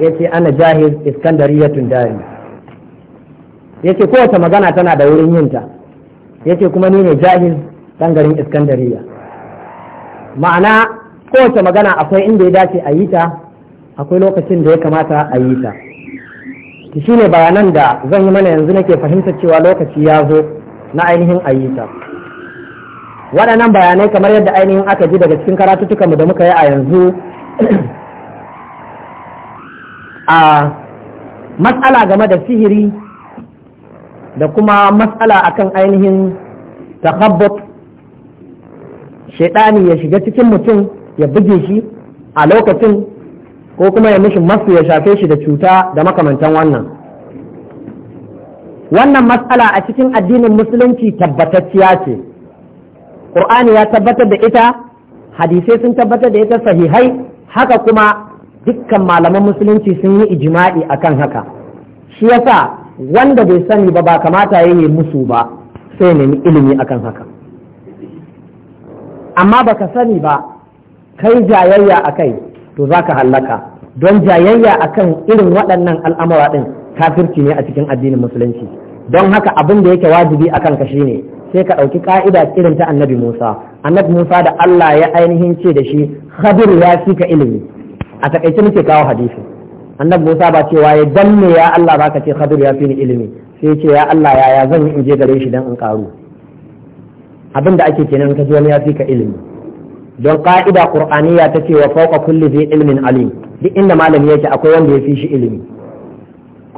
ya ce ana jahil iskandariyatun dari yace kowace magana tana da wurin yinta ya ce kuma ni ne jahil dan garin iskandariya ma'ana kowace magana akwai inda ya dace a yi ta akwai lokacin da ya kamata a yi ta shi ne bayanan da zan yi mana yanzu nake fahimtar cewa lokaci ya zo na ainihin a yi ta waɗannan bayanai kamar yadda ainihin aka ji daga cikin karatuttukanmu da muka yi a yanzu a matsala game da sihiri da kuma matsala akan ainihin takhabbut shaidani ya shiga cikin mutum ya buge shi a lokacin ko kuma ya mishi masu ya shafe shi da cuta da makamantan wannan wannan matsala a cikin addinin musulunci tabbatacciya ce ƙur'ani ya tabbatar da ita hadisai sun tabbatar da ita sahihai haka kuma dukkan malaman musulunci sun yi ijima'i akan haka shi yasa wanda bai sani ba ba kamata ya yi musu ba sai nemi ilimi akan haka amma baka sani ba kai jayayya a kai to za ka hallaka don jayayya akan irin waɗannan al'amura ɗin kafirci ne a cikin addinin musulunci don haka abin da yake wajibi a kanka shine sai ka ɗauki ƙa'ida irin ta annabi musa annabi musa da allah ya ainihin ce da shi khadir ya fi ka ilimi a takaice muke kawo hadisi annabi Musa ba cewa ya danne ya Allah baka ce Khadir ya fi ni ilimi sai ya ce ya Allah ya ya zan in je gare shi dan in karu abin da ake kenan ka ji wani ya fi ka ilimi don ka'ida qur'aniya ta ce wa fawqa kulli dhi ilmin alim duk inda malami yake akwai wanda ya fi shi ilimi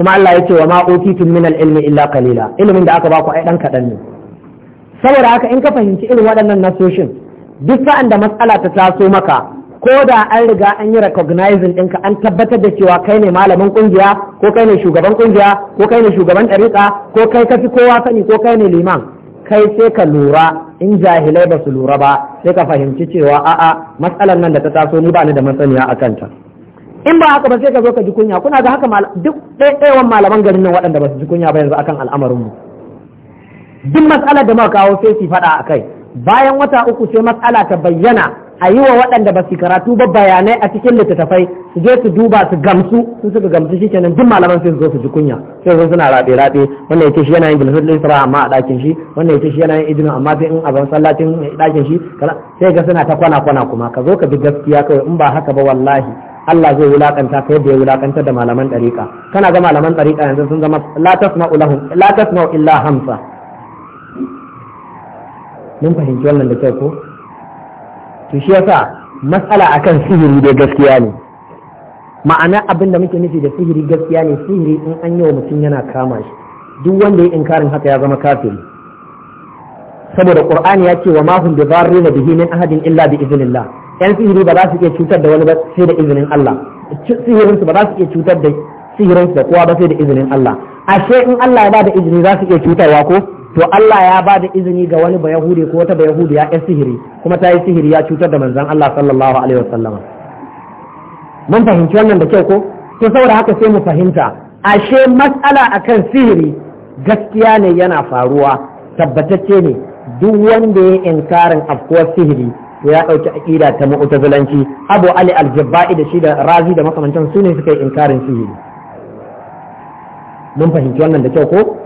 kuma Allah ya ce wa ma utitum min al-ilmi illa qalila ilimin da aka baku ai dan kadan ne saboda haka in ka fahimci irin waɗannan nasoshin duk sa'an da matsala ta taso maka ko da an riga an yi recognizing ɗinka an tabbatar da cewa kai ne malamin ƙungiya ko kai ne shugaban ƙungiya ko kai ne shugaban ɗariƙa ko kai kafi kowa sani ko kai ne liman kai sai ka lura in jahilai ba su lura ba sai ka fahimci cewa a'a matsalar nan da ta taso ni ba ni da masaniya a kanta in ba haka ba sai ka zo ka ji kunya kuna ga haka duk ɗayawan malaman garin nan waɗanda ba su ji kunya ba yanzu akan al'amarinmu duk matsalar da muka kawo sai su faɗa a kai bayan wata uku sai matsala ta bayyana a yi wa waɗanda ba su karatu ba bayanai a cikin littattafai su je su duba su gamsu sun suka gamsu shi kenan duk malaman sai su zo su ji kunya sai zo suna rabe rabe wannan yake shi yana yin bilhul isra amma a ɗakin shi wannan yake shi yana yin idinu amma sai in a ban sallacin ɗakin shi sai ga suna ta kwana kwana kuma ka zo ka bi gaskiya kawai in ba haka ba wallahi Allah zai wulakanta ka yadda ya wulakanta da malaman ɗariƙa kana ga malaman ɗariƙa yanzu sun zama la tasma'u lahum la tasma'u illa hamsa mun fahimci wannan da kyau ko to shi yasa matsala akan sihiri da gaskiya ne ma'ana abin da muke nufi da sihiri gaskiya ne sihiri in an yi wa mutum yana kama shi duk wanda ya inkarin haka ya zama kafiri saboda qur'ani ya ce wa ma hum bi dharrina bihi min ahadin illa bi idhnillah yan sihiri ba za su iya cutar da wani ba sai da izinin Allah sihirin su ba za su iya cutar da sihirin su da kowa ba sai da izinin Allah ashe in Allah ya ba da izini za su iya cutarwa ko to Allah ya ba da izini ga wani bayahude ko wata bayahude ya sihiri kuma ta yi sihiri ya cutar da manzon Allah sallallahu alaihi wasallama mun fahimci wannan da kyau ko to saboda haka sai mu fahimta ashe matsala akan sihiri gaskiya ne yana faruwa tabbatacce ne duk wanda ya inkarin afkuwar sihiri to ya ɗauki aƙida ta mu'tazilanci abu ali al Al-Jabba'i da shi da razi da makamantan su ne suka yi inkarin sihiri mun fahimci wannan da kyau ko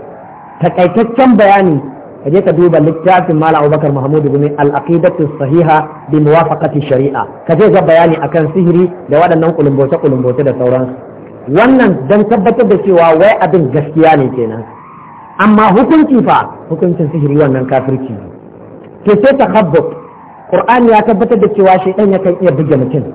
takaitaccen bayani ka je ka duba littafin Malam Abubakar Mahmud Gumi al-Aqidatu sahiha bi muwafaqati shari'a ka je ga bayani akan sihiri da waɗannan kulumboce kulumboce da sauransu wannan dan tabbatar da cewa wai abin gaskiya ne kenan amma hukunci fa hukuncin sihiri wannan kafirci ne to sai takhabbub Qur'ani ya tabbatar da cewa shaytan yakan iya buge mutum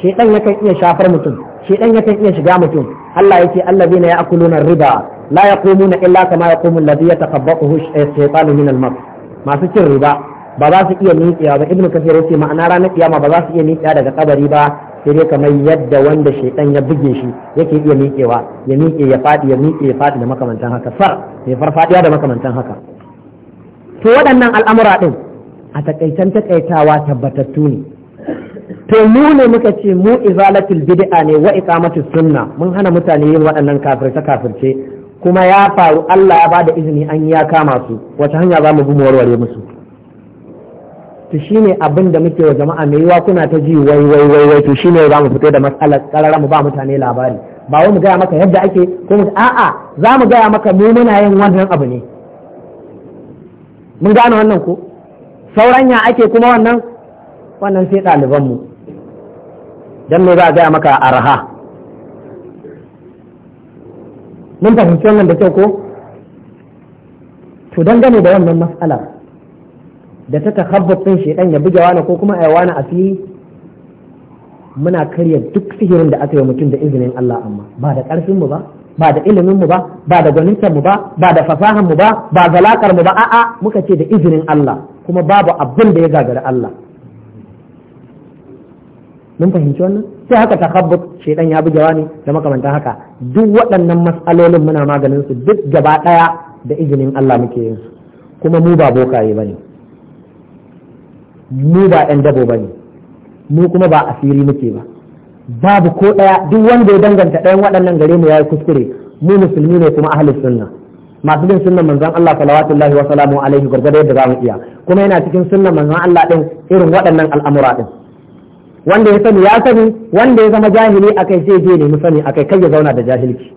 shaytan yakan iya shafar mutum shaytan yakan iya shiga mutum Allah ya yake allazina ya'kuluna riba la na illa kama yaqumu alladhi yatakhabbathu ash-shaytanu eh, min al-mas masu cin riba ba za su iya miƙewa ba ibnu kasir yace ma'ana ranar kiyama ba za su iya miƙewa daga kabari ba sai dai kamar yadda wanda shaiɗan ya buge shi yake iya miƙewa ya miƙe ya faɗi ya miƙe ya faɗi da makamantan haka far ya farfadiya da makamantan haka to waɗannan al'amura ɗin a takaitan takaitawa tabbatattu ne to mu ne muka ce mu izalatul bid'a ne wa iqamatus sunna mun hana mutane yin waɗannan kafirce kafirce kuma ya faru Allah ya bada izini an ya kama su wata hanya za mu bi mu warware musu to shine abin da muke wa jama'a mai yiwa kuna ta ji wai wai wai wai to shine za mu fito da mas'alar karara mu ba mutane labari ba wai mu gaya maka yadda ake ko mu a'a za mu gaya maka mu muna yin wannan abu ne mun gane wannan ko sauran ya ake kuma wannan wannan sai ɗalibanmu dan me za a gaya maka arha mun fahimci wannan da kyau ko to dangane da wannan matsalar da ta takabbat din ya buge wani ko kuma ai wani asiri muna karya duk sihirin da aka yi mutum da izinin Allah amma ba da karfin mu ba ba da ilimin mu ba ba da gwanintar mu ba ba da fasahan mu ba ba zalakar mu ba a'a muka ce da izinin Allah kuma babu abin da ya gagari Allah mun fahimci wannan sai haka takabbut shedan ya bi jawani da makamantan haka duk waɗannan matsalolin muna maganin su duk gaba ɗaya da izinin Allah muke yin su kuma mu ba bokaye bane mu ba ɗan dabo bane mu kuma ba asiri muke ba babu ko ɗaya duk wanda ya danganta ɗayan waɗannan gare mu yayi kuskure mu musulmi ne kuma ahlus sunna masu bin sunnan manzon Allah salawatullahi wa da alaihi gurgurda yadda iya kuma yana cikin sunnan manzon Allah din irin waɗannan al'amura din wanda ya sani ya sani wanda ya zama jahili akai zai je nemi sani akai kai ya zauna da jahilci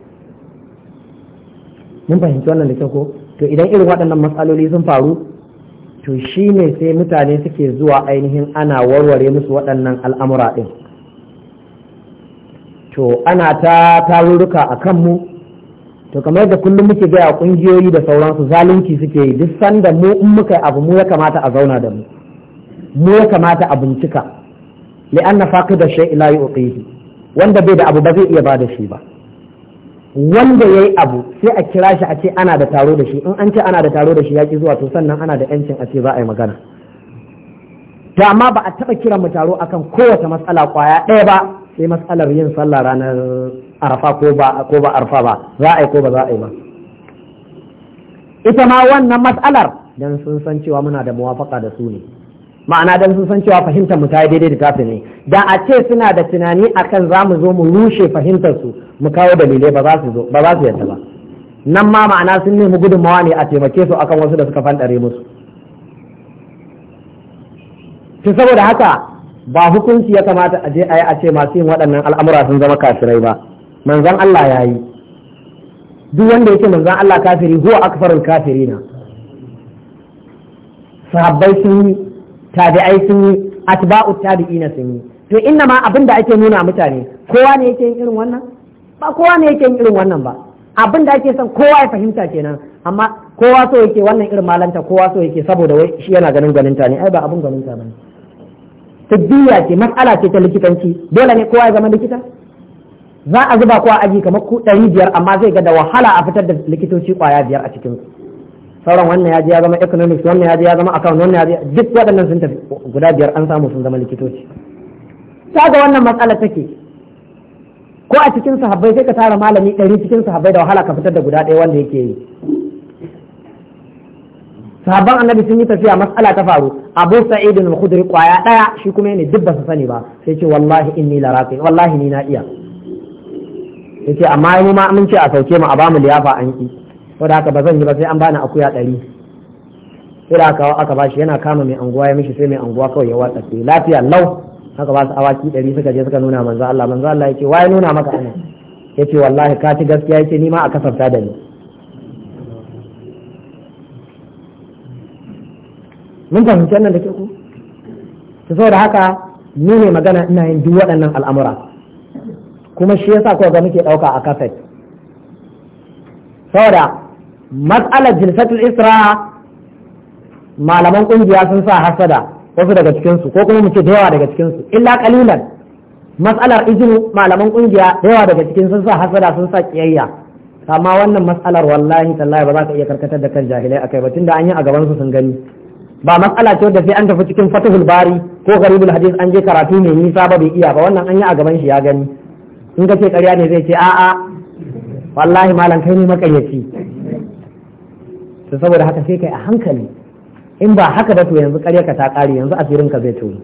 mun fahimci wannan da kyau ko to idan irin waɗannan matsaloli sun faru to shi ne sai mutane suke zuwa ainihin ana warware musu waɗannan al'amura ɗin to ana ta tarurruka a kanmu to kamar da kullum muke gaya ƙungiyoyi da sauransu zalunci suke yi duk sanda mu in muka abu mu ya kamata a zauna da mu mu ya kamata a bincika li'anna faqida shay'in la yuqihi wanda bai da abu ba zai iya ba da shi ba wanda yayi abu sai a kira shi a ce ana da taro da shi in an ce ana da taro da shi yaƙi zuwa to sannan ana da yancin a ce za a yi magana to amma ba a taɓa kiran mu taro akan kowace matsala kwaya ɗaya ba sai matsalar yin sallah ranar arfa ko ba ko ba ba za a yi ko ba za a yi ba ita ma wannan matsalar dan sun san cewa muna da muwafaka da su ne ma'ana dan sun san cewa fahimtar mu ta yi daidai da tafi ne da a ce suna da tunani akan za mu zo mu rushe fahimtar su mu kawo dalilai ba za su ba za su yadda ba nan ma ma'ana sun nemi gudunmawa ne a taimake su akan wasu da suka fandare musu to saboda haka ba hukunci ya kamata a je a yi a ce masu yin waɗannan al'amura sun zama kafirai ba manzon Allah ya yi duk wanda yake manzon Allah kafiri huwa akfarul kafirina sahabbai sun yi tabi'ai sun yi atba'u tabi'ina sun yi to inna ma abin da ake nuna mutane kowa ne yake yin irin wannan ba kowa ne yake yin irin wannan ba abin da ake son kowa ya fahimta kenan amma kowa so yake wannan irin malanta kowa so yake saboda wai shi yana ganin ta ne ai ba abin ganin ta bane tabbiya ce mas'ala ce ta likitanci dole ne kowa ya zama likita za a zuba kowa aji kamar ku ɗari biyar amma zai ga da wahala a fitar da likitoci kwaya biyar a cikin sauran wannan ya je ya zama economics wannan ya je ya zama account wannan ya je duk waɗannan sun tafi guda biyar an samu sun zama likitoci kaga wannan matsala take ko a cikin sahabbai sai ka tara malami ɗari cikin sahabbai da wahala ka fitar da guda ɗaya wanda yake yi sahabban annabi sun yi tafiya matsala ta faru abu sa'id al-khudri kwaya ɗaya shi kuma ne duk ba su sani ba sai ce wallahi inni la raqi wallahi ni na iya yace amma mu ma mun ce a sauke mu a bamu liyafa an ki ko da haka ba zan yi ba sai an bani akuya ɗari sai da aka aka bashi yana kama mai anguwa ya mishi sai mai anguwa kawai ya watsa sai lafiya lau haka ba su awaki ɗari suka je suka nuna manzo Allah manzo Allah ya ce waye nuna maka ana ya wallahi ka ci gaskiya ya ce ni ma a kasafta da ni mun fahimci wannan da ke ku to saboda haka ni ne magana ina yin duk waɗannan al'amura kuma shi yasa kawai ga muke ɗauka a kafet saboda matsalar jilsatul isra malaman kungiya sun sa hasada wasu daga cikinsu ko kuma muke da yawa daga cikinsu illa kalilan matsalar izinu malaman kungiya da yawa daga cikin sun sa hasada sun sa kiyayya amma wannan matsalar wallahi tallahi ba za ka iya karkatar da kan jahilai akai ba tunda an yi a gaban su sun gani ba matsala ce wadda sai an tafi cikin fatihul bari ko garibul hadis an je karatu mai nisa ba bai iya ba wannan an yi a gaban shi ya gani in ka ce karya ne zai ce a'a wallahi malam kai ne makaryaci to saboda haka sai kai a hankali in ba haka ba to yanzu ka ta kare yanzu asirin ka zai toyi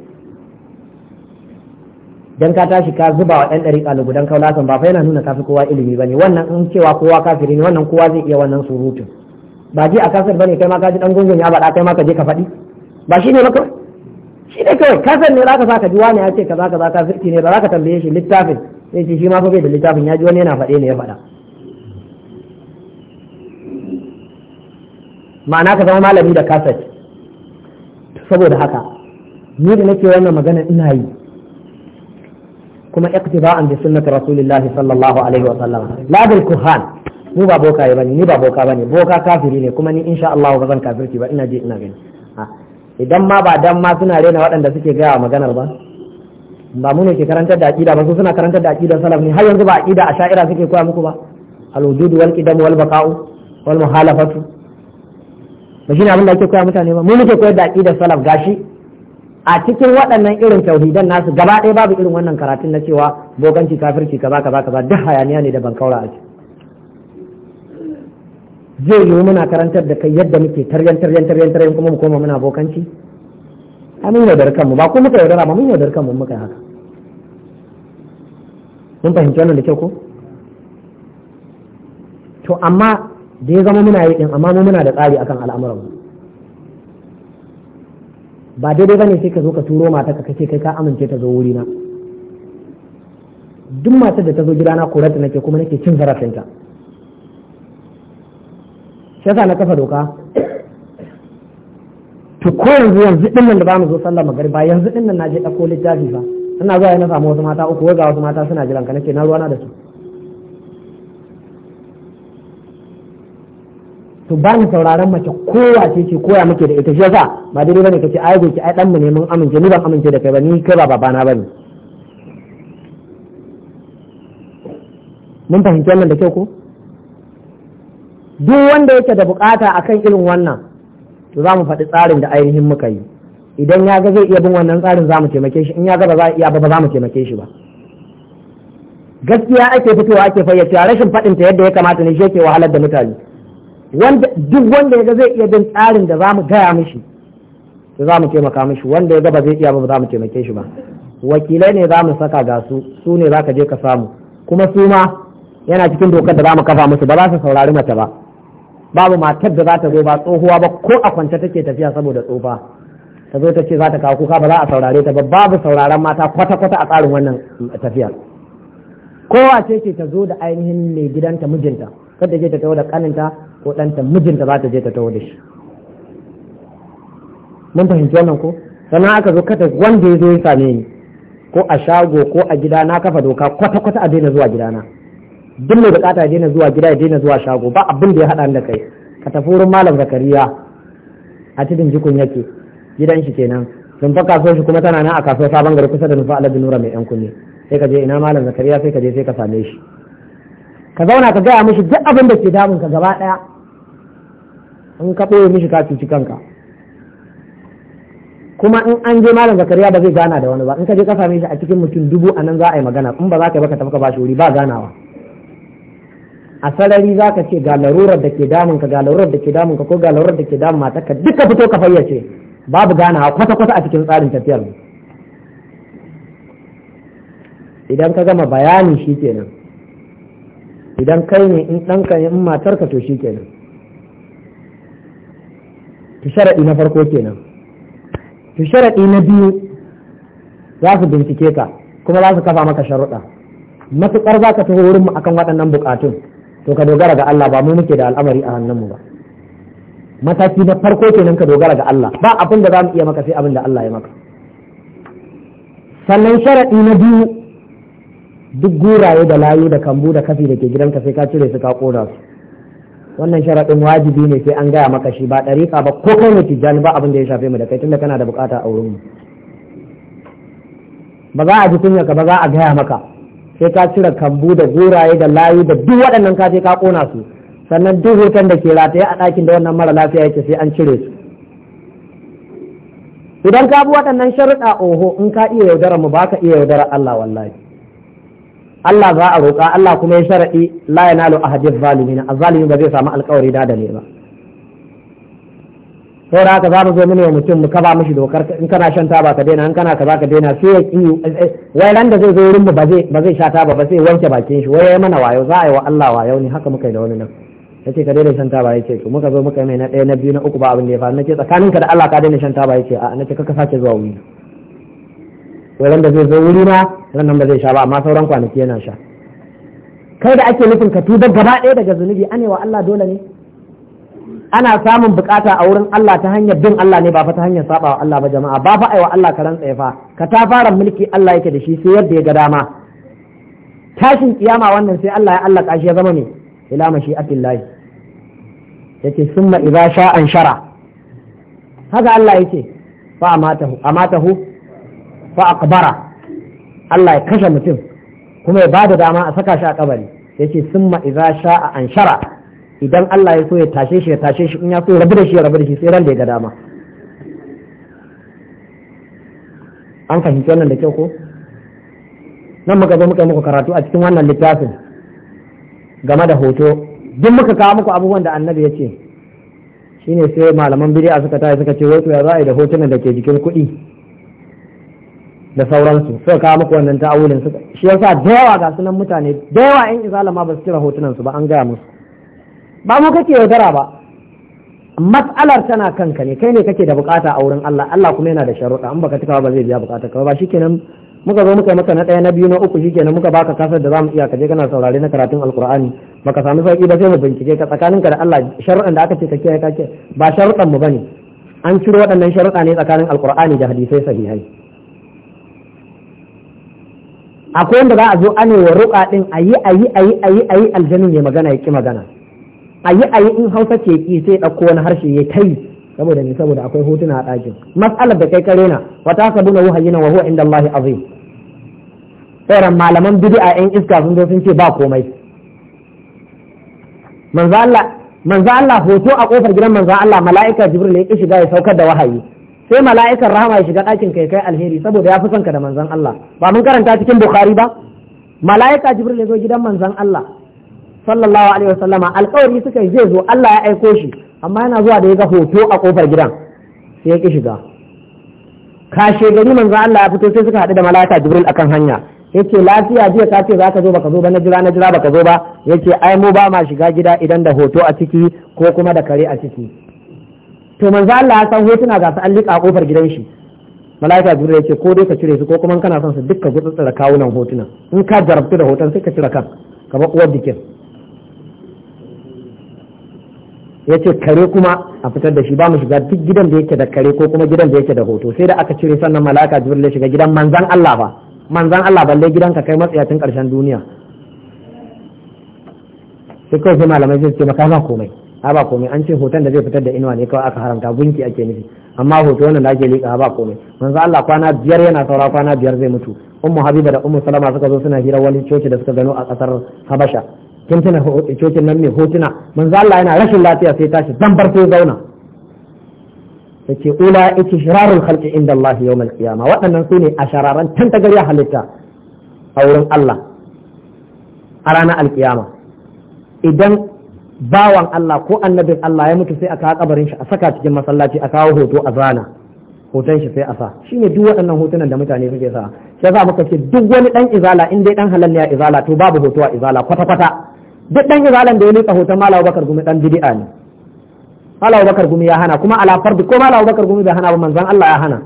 dan ka tashi ka zuba wa ɗan ɗari ɗalibu dan kaulasan ba fa yana nuna kafi kowa ilimi bane wannan in cewa kowa kafiri ne wannan kowa zai iya wannan surutun ba ji a kasar bane kai ma ka ji dan gungun ya bada kai ma ka je ka faɗi ba shi ne ba shi ne kawai kasar ne zaka sa ji wani ya ce kaza kaza kafirci ne ba za ka tambaye shi littafin sai shi ma fa bai da littafin ya ji wani yana faɗe ne ya faɗa ma'ana ka zama malami da kaset saboda haka ni da nake wannan magana ina yi kuma iqtida'an bi sunnati rasulillahi sallallahu alaihi wa sallam la bil kuhan mu ba boka ya bane ni ba boka bane boka kafiri ne kuma ni insha Allah ba zan kafirci ba ina je ina gani idan ma ba dan ma suna rena waɗanda suke gaya maganar ba ba mu ne ke karantar da aqida ba su suna karantar da aqidan salaf ne har yanzu ba aqida asha'ira suke koya muku ba al-wujud wal qidam wal baqa'u wal muhalafatu ba shine abin da ake koya mutane ba mu muke koyar da aqidar salaf gashi a cikin waɗannan irin tauhidan nasu gaba ɗaya babu irin wannan karatun na cewa boganci kafirci kaza kaza kaza duk hayaniya ne da ban kaura a ciki zai yiwu muna karantar da kai yadda muke taryan taryan taryan taryan kuma mu koma muna bokanci a mun yaudar kanmu ba ko muka yaudara ba mun yaudar kanmu muka haka mun fahimci wannan da kyau ko to amma da ya zama muna yi din amma mu muna da tsari akan al'amuran ba daidai bane sai ka zo ka turo mata ka kace kai ka amince ta zo wuri na duk matar da ta zo gidana korata nake kuma nake cin zarafinta shi yasa na kafa doka to ko yanzu yanzu din nan da ba mu zo sallar magariba yanzu din nan na je ɗauko littafi fa ina zuwa na samu wasu mata uku ga wasu mata suna jiran ka nake na ruwana da su to ba ni sauraron mace kowa ce ce koya muke da ita shi yasa ba daidai bane kace ai goki ai dan mu ne mun amince ni ban amince da kai ba ni kai ba babana bane mun fahimci wannan da kyau ko duk wanda yake da bukata akan irin wannan to za mu faɗi tsarin da ainihin muka yi idan ya ga zai iya bin wannan tsarin za mu taimake shi in ya ga ba za a iya ba za mu taimake shi ba gaskiya ake fitowa ake fayyace rashin fadin ta yadda ya kamata ne shi yake wahalar da mutane duk wanda ya ga zai iya bin tsarin da za mu gaya mishi to mu taimaka mishi wanda ya ga ba zai iya ba mu taimake shi ba wakilai ne za mu saka ga su su ne ka je ka samu kuma su ma yana cikin dokar da za mu kafa musu ba za su saurari mace ba babu matar da za ta zo ba tsohuwa ba ko a kwance take tafiya saboda tsofa ta zo ta ce za ta kawo kuka ba za a saurare ta ba babu sauraron mata kwata-kwata a tsarin wannan tafiya kowa ce ce ta zo da ainihin mai gidanta mijinta kada ke ta tawo da kaninta ko ɗanta mijinta za ta je ta tawo da shi mun fahimci wannan ko sannan aka zo kada wanda ya zo ya same ni ko a shago ko a gida na kafa doka kwata-kwata a daina zuwa gida na, duk mai bukata ya daina zuwa gida ya daina zuwa shago ba abin da ya haɗa da kai ka tafi wurin malam zakariya a cikin jikun yake gidan shi kenan don fa kasuwar shi kuma tana nan a kasuwar sabon gari kusa da nufa alabi nura mai yan kunne sai ka je ina malam zakariya sai ka je sai ka same shi ka zauna ka gaya mishi duk abin da ke damun ka gaba ɗaya in ka ɓoye mishi ka cuci kanka kuma in an je malam zakariya ba zai gana da wani ba in ka je ka same shi a cikin mutum dubu a nan za a yi magana in ba za ka yi baka tafi ka ba shi wuri ba ganawa a sarari za ka ce ga larurar da ke damun ka ga larurar da ke damun ka ko ga larurar da ke damun matar ka duka fito ka fayyace babu ganawa kwata kwata a cikin tsarin tafiyar idan ka gama bayani shi kenan idan kai ne in ɗanka ne in matarka to shi kenan to sharaɗi na farko kenan to sharaɗi na biyu za su bincike ka kuma za su kafa maka sharuɗa matuƙar za ka taho wurinmu akan waɗannan buƙatun to ka dogara ga Allah ba mu muke da al'amari a hannunmu ba mataki na farko kenan ka dogara ga Allah ba abin da za mu iya maka sai abin da Allah ya maka sannan sharaɗi na biyu duk guraye da layu da kambu da kafi da ke gidanka sai ka cire su ka ƙona su wannan sharaɗin wajibi ne sai an gaya maka shi ba ɗariƙa ba ko kai ne tijjani ba abin da ya shafe mu da kai tunda kana da bukata a wurin mu ba za a ji kunya ka ba za a gaya maka sai ka cire kambu da guraye da layu da duk waɗannan ka sai ka kona su sannan duk hoton da ke rataye a ɗakin da wannan mara lafiya yake sai an cire su idan ka bi waɗannan sharuɗa oho in ka iya yaudara mu ba ka iya yaudara Allah wallahi Allah za a roƙa Allah kuma ya sharaɗi la yanalu ahadin a azzalimi ba zai samu alƙawari da dale ba Sau da haka za mu zo mini wa mutum mu kaba mishi dokar in kana shan taba ka daina in kana kaza ka daina sai ya ki wai ran da zai zo wurin mu ba zai ba zai sha taba ba sai wanke bakin shi wai ya mana wayo za a yi wa Allah wayo ne haka muka yi da wani nan yace ka daina shan taba yace to muka zo muka mai na ɗaya na biyu na uku ba abin da ya faru ce tsakaninka da Allah ka daina shan taba yace a nace kaka sake zuwa wuri ran da zai zo wuri na ran ba zai sha ba amma sauran kwanaki yana sha kai da ake nufin ka tuba gaba ɗaya daga zunubi anewa Allah dole ne ana samun bukata a wurin Allah ta hanyar bin Allah ne ba fa ta hanyar sabawa Allah ba jama'a ba fa aiwa Allah karan tsaye fa ka ta fara mulki Allah yake da shi sai yadda ya ga dama tashin kiyama wannan sai Allah ya Allah kashi ya zama ne ila mashi'atillahi yake summa idza sha'an shara haka Allah yake fa amatahu amatahu fa akbara Allah ya kashe mutum kuma ya bada dama a saka shi a kabari yace summa idza sha'a anshara idan Allah ya so ya tashe shi ya tashe shi in ya so ya rabu da shi ya rabu da shi sai ran da ya ga dama an fahimci wannan da kyau ko nan muka zo muka muku karatu a cikin wannan littafin game da hoto duk muka kawo muku abubuwan da annabi ya ce shine sai malaman bid'a suka tayi suka ce wai to ya za a yi da hotunan da ke jikin kuɗi da sauransu suka kawo muku wannan ta'awulin su shi yasa da yawa ga sunan mutane da yawa yan izala ma ba su kira hotunan su ba an gaya musu ba mu kake yaudara ba matsalar tana kanka ne kai ne kake da bukata a wurin Allah Allah kuma yana da sharuɗa in baka tuka ba zai biya bukata ka ba shikenan muka zo muka maka na ɗaya na biyu na uku shikenan muka baka kasar da zamu iya kaje kana saurare na karatun alkur'ani baka sami sauki ba sai mu bincike ka tsakaninka da Allah sharuɗan da aka ce ka kiyaye ka ba sharuɗan mu bane an ciro waɗannan sharuɗa ne tsakanin alkur'ani da hadisai sahihai akwai wanda za a zo ane wa ruka ɗin a yi a yi a yi a yi a yi aljanin ya magana ya ƙi magana a yi a yi in hausa ce ki sai ɗauko wani harshe ya ta yi saboda ne saboda akwai hotuna a ɗakin masalar da kai kare na wata sabuna wahayi na wahuwa inda Allah azim tsoron malaman bid'a yan iska sun zo sun ce ba komai manzo Allah hoto a kofar gidan manzo Allah mala'ika jibril ya shiga ya saukar da wahayi sai mala'ikan rahama ya shiga ɗakin kai kai alheri saboda ya fi son da manzon Allah ba mun karanta cikin bukhari ba mala'ika jibril ya zo gidan manzon Allah sallallahu alaihi wasallama alƙawari suka yi zai zo Allah ya aiko shi amma yana zuwa da ya ga hoto a kofar gidan sai ya ki shiga kashe gari manzon Allah ya fito sai suka haɗu da mala'ika jibril akan hanya yace lafiya jiya ka ce zaka zo baka zo ba na jira na jira baka zo ba yace ai mu ba ma shiga gida idan da hoto a ciki ko kuma da kare a ciki to manzo Allah ya san hotuna ga su allika a kofar gidan shi malaika jibril ya ce ko dai ka cire su ko kuma kana son su dukka kawo kawunan hotuna in ka jarabtu da hoton sai ka cire kan ka ba uwar dikin ya ce kare kuma a fitar da shi ba mu shiga duk gidan da yake da kare ko kuma gidan da yake da hoto sai da aka cire sannan malaka jibril ya shiga gidan manzan Allah ba manzan Allah balle gidan ka kai matsayacin karshen duniya sai kawai sai malamai sai ce maka ba komai a ba komai an ce hoton da zai fitar da inuwa ne kawai aka haramta gunki ake nufi amma hoto wannan da ake liƙa ba komai manzo Allah kwana biyar yana saura kwana biyar zai mutu ummu habiba da ummu salama suka zo suna hira wani coci da suka gano a kasar habasha kin tuna cocin nan mai hotuna manzo Allah yana rashin lafiya sai tashi dan sai zauna yake ula shirarul khalqi inda Allah yawm al-qiyamah waɗannan su ne a shararan ya halitta a wurin Allah a ranar alkiyama idan bawan Allah ko annabin Allah ya mutu sai a kawo kabarin shi a saka cikin masallaci a kawo hoto a zana hoton shi sai a sa shine duk waɗannan hotunan da mutane suke sa sai za muka ce duk wani dan izala in dai dan halal ne ya izala to babu hoto a izala kwata kwata duk dan izalan da ya lika hoton Malam Bakar Gumi dan bid'a ne Malam Bakar Gumi ya hana kuma ala fardi ko Malam Bakar Gumi bai hana ba manzon Allah ya hana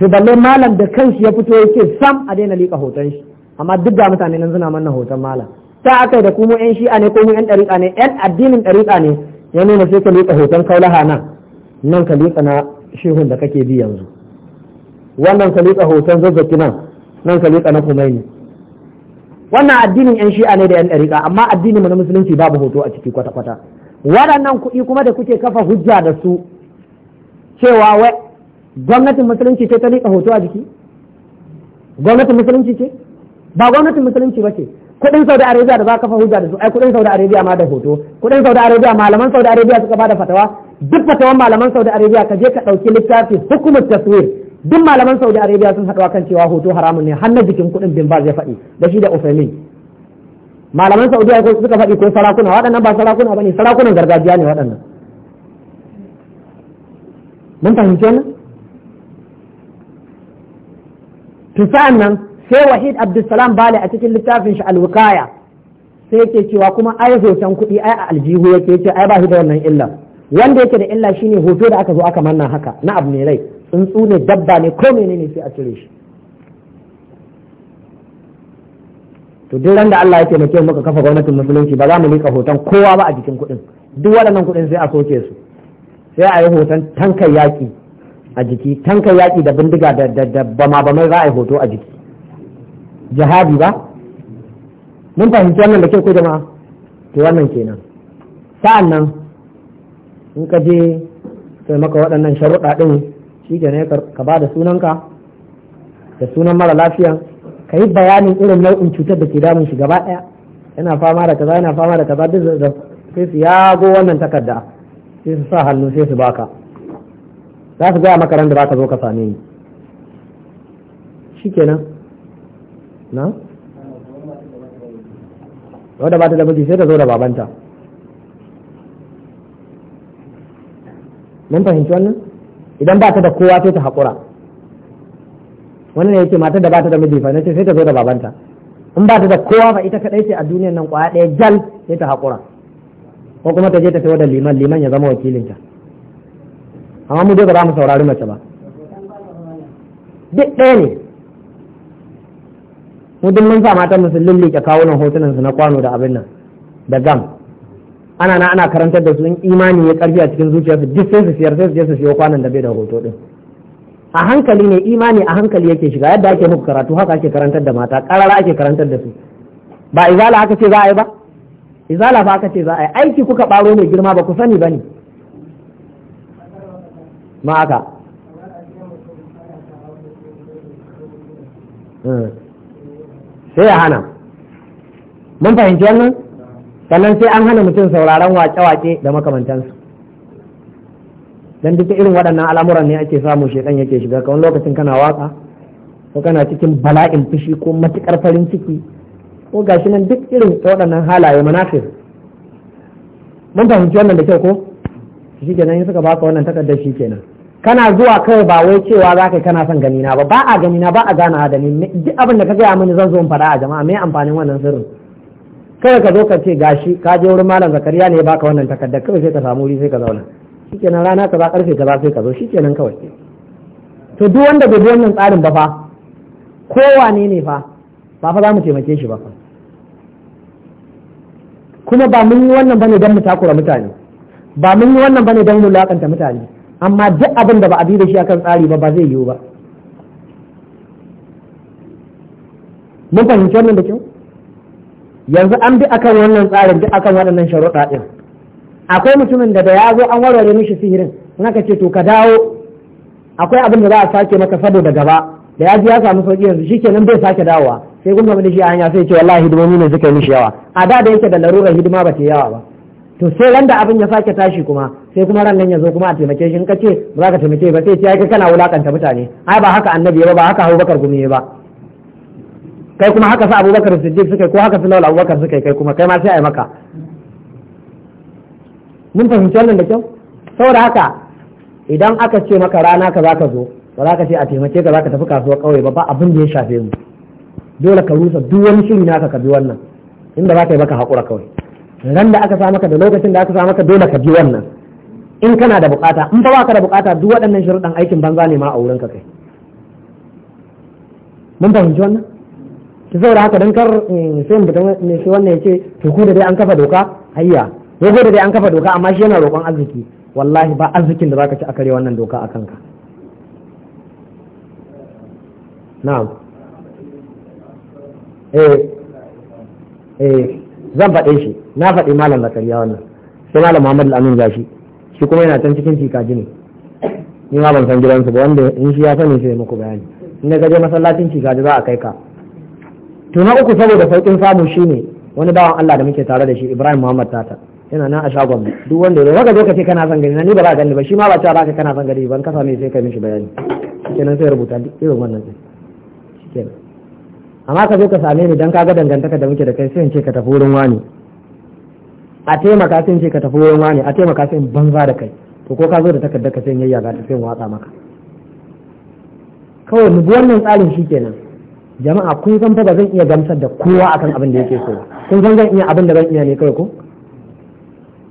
to balle malam da kanshi ya fito yake sam a daina lika hoton shi amma duk da mutane nan suna manna hoton malam ta aka da kuma yan shi'a ne ko mu yan ɗariƙa ne yan addinin ɗariƙa ne ya nuna sai ka liƙa hoton kaulaha nan nan ka liƙa na shehun da kake bi yanzu wannan ka liƙa hoton zazzaki nan nan ka liƙa na kumaini wannan addinin yan shi'a ne da yan ɗariƙa amma addinin mu na musulunci babu hoto a ciki kwata-kwata waɗannan kuɗi kuma da kuke kafa hujja da su cewa wai gwamnatin musulunci ce ta liƙa hoto a jiki gwamnatin musulunci ce ba gwamnatin musulunci ba ce kudin Saudi Arabia da za ka fa hujja da su ai kudin Saudi Arabia ma da hoto kudin Saudi Arabia malaman Saudi Arabia suka bada fatawa duk fatawan malaman Saudi Arabia ka je ka dauki littafin hukumar taswir duk malaman Saudi Arabia sun haɗuwa kan cewa hoto haramun ne har na jikin kudin bin ba zai faɗi da shi da Uthaymeen malaman Saudi Arabia suka faɗi ko sarakuna waɗannan ba sarakuna bane sarakunan gargajiya ne waɗannan mun fahimci wannan to sa'an nan sai wahid abdulsalam bale a cikin littafin shi alwukaya sai yake cewa kuma ai hoton kuɗi ai a aljihu yake ce ai ba shi da wannan illa wanda yake da illa shine hoto da aka zo aka manna haka na abu ne rai tsuntsu ne dabba ne ko menene sai a cire shi to duk ran da Allah ya taimake muka kafa gwamnatin musulunci ba za mu lika hoton kowa ba a jikin kuɗin duk waɗannan kuɗin sai a soke su sai a yi hoton tankar yaki a jiki tankar yaƙi da bindiga da bama bamai za a yi hoto a jiki jihadi ba mun fahimci wannan da kyau ko jama'a to wannan kenan sa'an nan in ka je sai maka waɗannan sharuɗa ɗin shi ke ne ka ba da sunanka da sunan mara lafiya ka yi bayanin irin nau'in cutar da ke damun shi gaba ɗaya yana fama da kaza yana fama da kaza duk da sai su yago wannan takarda sai su sa hannu sai su baka za su gaya maka ran da zo ka same ni shi kenan na wadda ba ta da miji sai ta zo da babanta mun fahimci wannan idan ba ta da kowa sai ta haƙura wannan ne yake matar da ba ta da miji fa sai ta zo da babanta in ba ta da kowa ba ita kadai ce a duniyan nan kwaya ɗaya jal sai ta haƙura ko kuma ta je ta tawo da liman liman ya zama wakilinta amma mu dai ba za mu saurari mace ba duk ɗaya ne mu duk mun sa matan ka kawo kawunan hotunan su na kwano da abin nan da gam ana na ana karantar da su in imani ya karfi a cikin zuciyarsu duk sai su siyar sai su je su siyo kwanan da bai da hoto din a hankali ne imani a hankali yake shiga yadda ake muku karatu haka ake karantar da mata karara ake karantar da su ba izala aka ce za a yi ba izala ba aka ce za a yi aiki kuka baro mai girma ba ku sani ba ne ma haka hmm. sai ya hana mun fahimci wannan sannan sai an hana mutum sauraron wake-wake da makamantansu dan duka irin waɗannan al'amuran ne ake samu shekan yake shiga kawai lokacin kana waka ko kana cikin bala'in fushi ko matukar farin ciki ko gashi nan duk irin waɗannan halaye manafir mun fahimci wannan da kyau ko shi kenan suka baka wannan takardar shi kenan kana zuwa kai ba wai cewa za ka kana son ganina ba ba a ganina ba a gana da ni duk abin da ka gaya mini zan zo in faɗa a jama'a me amfanin wannan sirrin kada ka zo ka ce gashi ka je wurin malam zakariya ne ya baka wannan takardar kawai sai ka samu wuri sai ka zauna shikenan rana ka za karfe ka za sai ka zo shikenan kawai to duk wanda bai bi wannan tsarin ba fa kowane ne fa ba fa za mu taimake shi ba fa kuma ba mun yi wannan bane don mu takura mutane ba mun yi wannan bane don mu lakanta mutane amma duk abin da ba a bi da shi akan tsari ba ba zai yiwu ba mun fahimci wannan da kyau yanzu an bi akan wannan tsarin duk akan waɗannan sharuɗa ɗin akwai mutumin da da ya zo an warware mishi sihirin na ka ce to ka dawo akwai abin da za a sake maka saboda gaba da ya ji ya samu sauki yanzu shi kenan bai sake dawowa sai kun da shi a hanya sai ce wallahi hidimomi ne suka yi mishi yawa a da da yake da larurar hidima ba ta yawa ba to sai wanda abin ya sake tashi kuma sai kuma ran nan ya zo kuma a taimake shi in ka ce ba za ka taimake ba sai ya kai kana wulakanta mutane ai ba haka annabi ba ba haka abubakar gumi ba kai kuma haka sa abubakar siddiq suka ko haka sulawul abubakar suka kai kuma kai ma sai ai maka mun fahimci wannan da kyau saboda haka idan aka ce maka rana ka za ka zo ba za ka ce a taimake ka za ka tafi kasuwa kauye ba ba abin da ya shafe mu dole ka rusa duk wani shiri naka ka bi wannan inda za ka yi maka haƙura kawai ran da aka sa maka da lokacin da aka sa maka dole ka bi wannan in kana da bukata in ba ka da bukata duk waɗannan sharuɗan aikin banza ne ma a wurin ka kai mun fahimci wannan ki saboda haka dan kar eh, sai mutum ne shi wannan yace to ko da dai an kafa doka hayya ko da dai an kafa doka amma shi yana roƙon arziki wallahi ba arzikin da zaka ci a kare wannan doka a kanka na'am eh eh zan faɗe shi na faɗi malam kariya wannan sai malam muhammad al-amin gashi shi kuma yana can cikin cikaji ne ni ma ban san gidansu ba wanda in shi ya sani sai muku bayani in ka je masallacin cikaji za a kai ka to na uku saboda sauƙin samu shine wani bawan Allah da muke tare da shi Ibrahim Muhammad Tata yana nan a shagon duk wanda ya zaka zo ka ce kana son gani na ni ba za ka gani ba shi ma ba ta ba ka kana son gani ban kasa ne sai kai mishi bayani kenan sai rubuta duk irin wannan amma ka zo ka same ni dan kaga dangantaka da muke da kai sai ce ka tafi wurin wani a taimaka sai ce ka tafi wurin wani a taimaka sai banza da kai to ko ka zo da takardar ka sai in yayyaga ta sai watsa maka kawai mu wannan tsarin shikenan jama'a kun san fa ba zan iya gamsar da kowa akan abin da yake so kun san zan iya abin da zan iya ne kai ko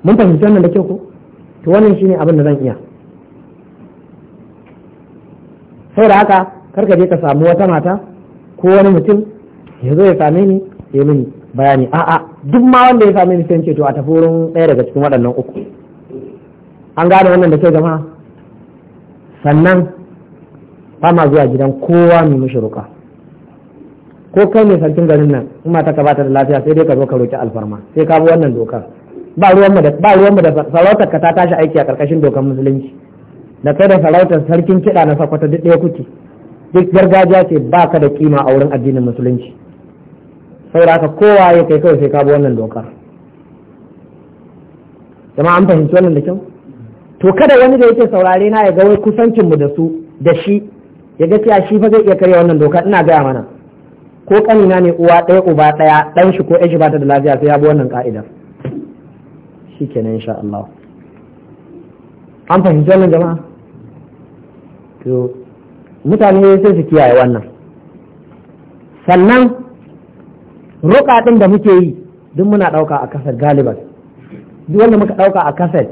mun fahimci wannan da kyau ko to wannan shine abin da zan iya saboda haka karka je ka samu wata mata ko wani mutum ya zo ya same ni ya mini bayani a'a duk ma wanda ya same ni sai ce to a tafi wurin ɗaya daga cikin waɗannan uku an gane wannan da ke gama sannan ba ma zuwa gidan kowa mai mishi ruka ko kai mai sarkin garin nan in ma ta ka bata da lafiya sai dai ka zo ka roki alfarma sai ka bi wannan dokar ba ruwan mu da ba ruwan mu da sarautar ka ta tashi aiki a karkashin dokar musulunci da kai da sarautar sarkin kiɗa na sakwata duk ɗaya kuke duk gargajiya ce ba ka da kima a wurin addinin musulunci saboda haka kowa ya kai kawai sai ka bi wannan dokar jama'a an fahimci wannan da kyau to kada wani da yake saurare na ya ga wai kusancin mu da su da shi ya ga cewa shi fa zai iya karya wannan doka ina gaya mana ko kanina ne uwa ɗaya uba ɗaya ɗan shi ko ƴashi ba ta da lafiya sai ya bi wannan ka'idar shikenan insha Allah an fahimci wannan jama'a to mutane sai su kiyaye wannan sannan roƙa ɗin da muke yi duk muna ɗauka a kasar galibar duk wanda muka ɗauka a kasar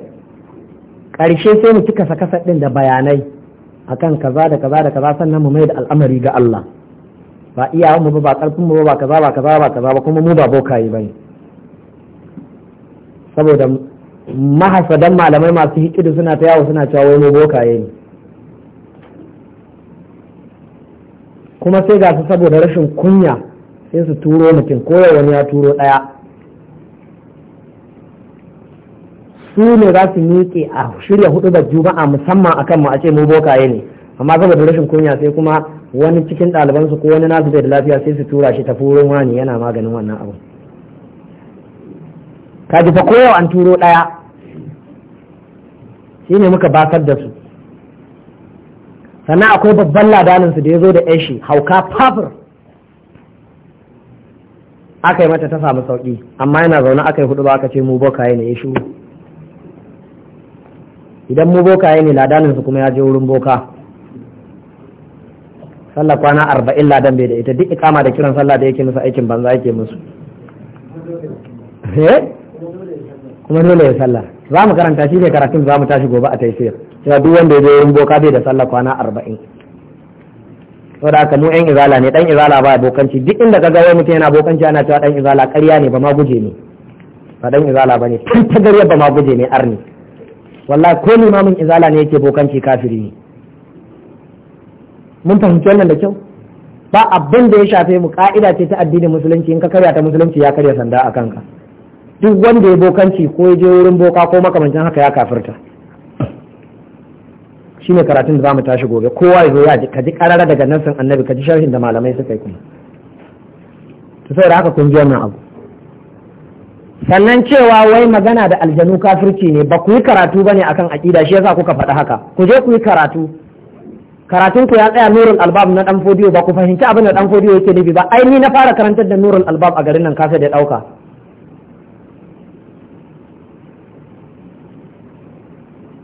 ƙarshe sai mu cika sa kasar ɗin da bayanai akan kaza da kaza da kaza sannan mu mai da al'amari ga Allah ba iyawan mu ba ƙarfin mu ba kaza ba kaza ba kaza ba kuma mu ba bokaye bane saboda mahasadan malamai masu hikidu suna ta yawo suna cewa wai mu bokaye ne kuma sai ga su saboda rashin kunya sai su turo mutum ko wani ya turo ɗaya su ne za su miƙe a shirya hudu da juma'a musamman akan mu a ce mu bokaye ne amma saboda rashin kunya sai kuma wani cikin ɗalibansu ko wani nasu bai da lafiya sai su tura shi ta furin wani yana maganin wannan abu ka fa koyawa an turo ɗaya shi ne muka basar da su sannan akwai babban ladaninsu da ya zo da yashi hauka fafir aka yi mata ta samu sauƙi amma yana zaune aka yi hudu ba aka ce mu boka ne ya shigo. idan mu boka ne ladaninsu kuma ya je wurin boka sallah kwana arba'in ladan bai da ita duk ikama da kiran sallah da yake musu aikin banza yake musu eh? kuma dole ya sallah za mu karanta shi ne karatun za mu tashi gobe a taifiyar ya duk wanda ya je wurin boka bai da sallah kwana arba'in saboda haka mu yan izala ne dan izala ba bokanci duk inda ka ga wani mutum yana bokanci ana cewa dan izala ƙarya ne ba ma guje ne ba dan izala bane tun ta gariya ba ma guje ne arni wallahi ko limamin izala ne yake bokanci kafiri ne mun fahimci wannan da kyau ba abin da ya shafe mu ka'ida ce ta addinin musulunci in ka karya ta musulunci ya karya sanda a kanka duk wanda ya bokanci ko ya je wurin boka ko makamancin haka ya kafirta shine karatun da zamu tashi gobe kowa ya zo ya ji kaji karara daga nan annabi kaji sharhin da malamai suka yi kuma to saboda haka kun ji wannan abu sannan cewa wai magana da aljanu kafirci ne ba ku yi karatu ba ne akan aƙida shi yasa kuka faɗa haka ku je ku yi karatu karatun ku ya tsaya nurul albab na dan fodiyo ba ku fahimci abin da dan fodiyo yake nufi ba ai ni na fara karantar da nurul albab a garin nan kafa da ɗauka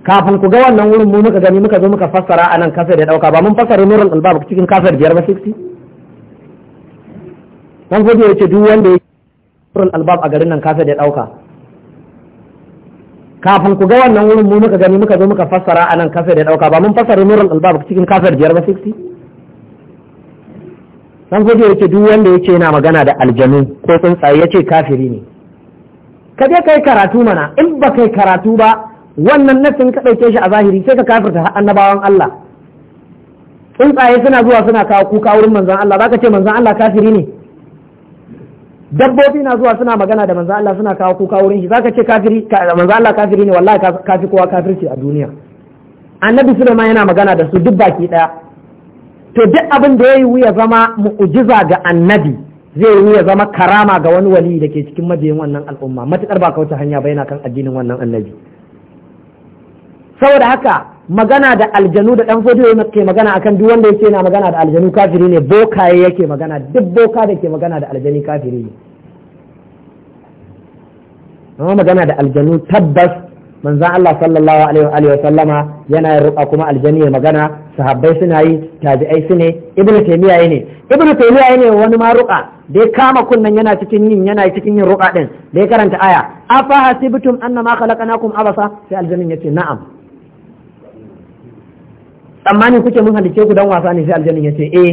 kafin ku ga wannan wurin mu muka gani muka zo muka fassara a nan kasar da dauka ba mun fassara nurul albab cikin kasar biyar ba 60 dan gode yace duk wanda yake nurul albab a garin nan kasar da dauka kafin ku ga wannan wurin mu muka gani muka zo muka fassara a nan kasar da dauka ba mun fassara nurul albab cikin kasar biyar ba 60 dan gode yace duk wanda yake yana magana da aljanu ko tsuntsaye yace kafiri ne ka je kai karatu mana in ba kai karatu ba wannan nassin ka ɗauke shi a zahiri sai ka kafirta annabawan Allah tsuntsaye suna zuwa suna kawo kuka wurin manzon Allah Za ka ce manzon Allah kafiri ne dabbobi na zuwa suna magana da manzon Allah suna kawo kuka wurin shi Za ka ce kafiri manzon Allah kafiri ne wallahi kafi kowa kafirci a duniya annabi Sulaiman yana magana da su duk baki daya to duk abin da yayi wuya zama mu'jiza ga annabi zai yi ya zama karama ga wani wali da ke cikin majiyin wannan al'umma matukar ba kauce hanya ba yana kan addinin wannan annabi saboda haka magana da aljanu da dan fodiyo ke magana akan duk wanda yake na magana da aljanu kafiri ne bokaye yake magana duk boka da ke magana da aljani kafiri ne amma magana da aljanu tabbas manzan Allah sallallahu alaihi wa sallama yana yin ruka kuma aljani ya magana sahabbai suna yi tabi'ai su ne ibnu taymiya ne ibnu taymiya ne wani ma ruka da ya kama kunnan yana cikin yin yana cikin yin ruka din da ya karanta aya afa hasibtum annama khalaqnakum abasa sai aljanin yace na'am Tsammani kuke mun halice ku dan wasa ne sai aljannin ya ce eh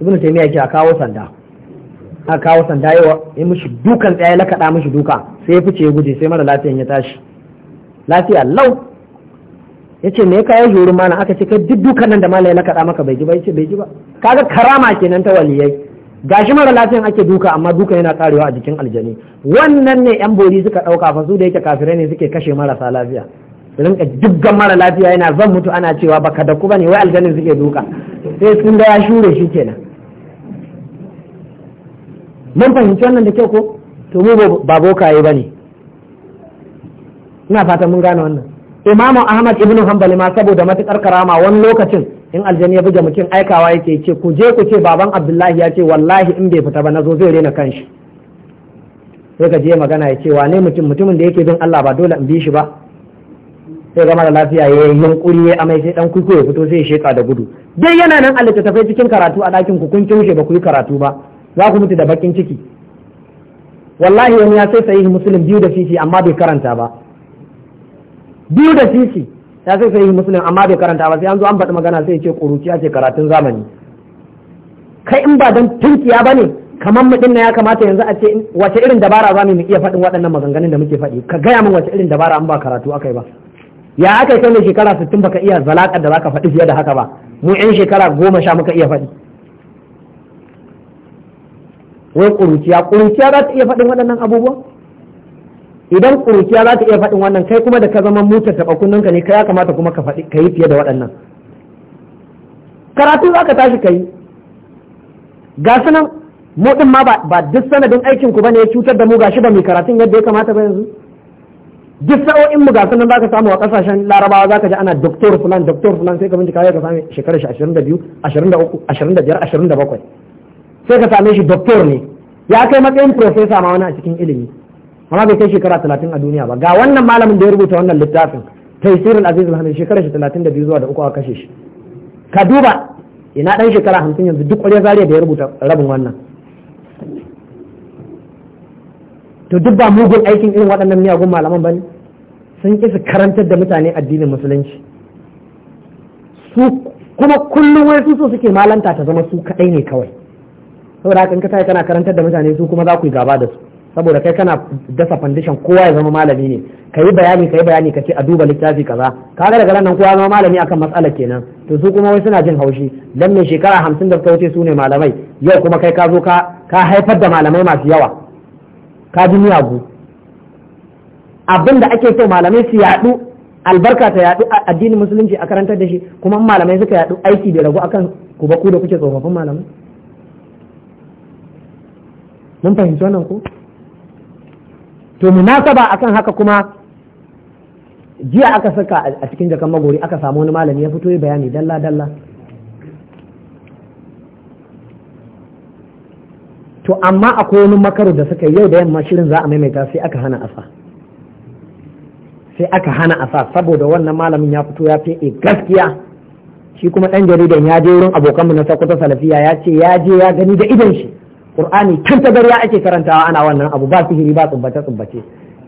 ibnu taymiya ce a kawo sanda a kawo sanda yawa ya mishi dukan tsaye lakaɗa mishi duka sai ya fice ya guje sai mara lafiyan ya tashi lafiya lau ya ce me ya kawo juri mana aka ce kai duk dukan nan da mala ya lakaɗa maka bai ji ba ya ce bai ji ba kaga karama kenan ta waliyai gashi mara lafiyan ake duka amma duka yana karewa a jikin aljani wannan ne yan bori suka ɗauka fa su da yake kafirai ne suke kashe marasa lafiya rinka jibgan mara lafiya yana zan mutu ana cewa baka da ku bane wai aljanin suke duka sai sun da ya shure shi kenan mun fahimci wannan da kyau ko to mu ba bokaye bane ina fata mun gane wannan imam ahmad ibn hanbali ma saboda matukar karama wani lokacin in aljani ya buge mutum aikawa yake ce ku je ku ce baban abdullahi ya ce wallahi in bai fita ba na zo zai rena kanshi sai ka je magana ya ce wane mutum mutumin da yake bin allah ba dole in bi shi ba sai ga mara lafiya ya yi yunkuri ya amai sai dan kuku ya fito sai ya sheka da gudu dai yana nan a littattafai cikin karatu a ɗakin ku kun kyushe ba ku yi karatu ba za ku mutu da bakin ciki wallahi wani ya sai sayi musulun biyu da sisi amma bai karanta ba biyu da sisi ya sai sayi musulun amma bai karanta ba sai an zo an baɗi magana sai ya ce ƙuruciya ce karatun zamani kai in ba don tunkiya ba ne kamar mu na ya kamata yanzu a ce wace irin dabara za mu iya faɗin waɗannan maganganun da muke faɗi ka gaya min wace irin dabara an ba karatu akai ba ya aka yi ne shekara 60 baka iya zalakar da zaka faɗi fiye da haka ba mu yan shekara goma sha muka iya faɗi wai ƙuruciya ƙuruciya za ta iya faɗin waɗannan abubuwa idan ƙuruciya za ta iya faɗin wannan kai kuma da ka zama mutar taɓa ka ne ka ya kamata kuma ka faɗi ka yi fiye da waɗannan karatu za ka tashi ka yi ga sunan nan ma ba duk sanadin aikin ku ne ya cutar da mu gashi ba mai karatun yadda ya kamata ba yanzu duk sa'o'in mu ga sunan zaka samu a kasashen larabawa zaka ji ana doktor fulan doktor fulan sai ka bincika ya ka same shekarar shi 22 23 25 27 sai ka same shi doktor ne ya kai matsayin profesa ma wani a cikin ilimi amma bai kai shekara 30 a duniya ba ga wannan malamin da ya rubuta wannan littafin taisirul aziz al-hamid shekarar shi 32 zuwa da uku a kashe shi ka duba ina dan shekara 50 yanzu duk ƙwarya zariya da ya rubuta rabin wannan to duk ba mugun aikin irin waɗannan miyagun malaman ba ne sun ƙi su karantar da mutane addinin musulunci su kuma kullum wai su so suke malanta ta zama su kaɗai ne kawai saboda haka in ka tayi kana karantar da mutane su kuma za ku yi gaba da su saboda kai kana dasa foundation kowa ya zama malami ne ka yi bayani ka yi bayani ka ce a duba littafi kaza Ka ga daga nan kowa zama malami akan matsalar kenan to su kuma wai suna jin haushi dan shekara hamsin da suka wuce su ne malamai yau kuma kai ka zo ka haifar da malamai masu yawa ka ji miyagu abin ake so malamai su yaɗu albarka ta yaɗu a addinin musulunci a karantar da shi kuma malamai suka yaɗu aiki bai ragu akan ku ba ku da kuke tsofaffin malamai mun fahimci wannan ko to munasaba akan haka kuma jiya aka saka a cikin jakan magori aka samu wani malami ya fito ya bayani dalla dalla to amma akwai wani makaru da suka yau da yamma shirin za a maimaita sai aka hana asa sai aka hana asa saboda wannan malamin ya fito ya fi eh, gaskiya shi kuma dan jaridan ya je wurin abokanmu na sakwata salafiya ya ce ya je ya gani da idan shi qur'ani kan ta dariya ake karantawa ana wannan abu ba sihiri ba tsubbace tsubbace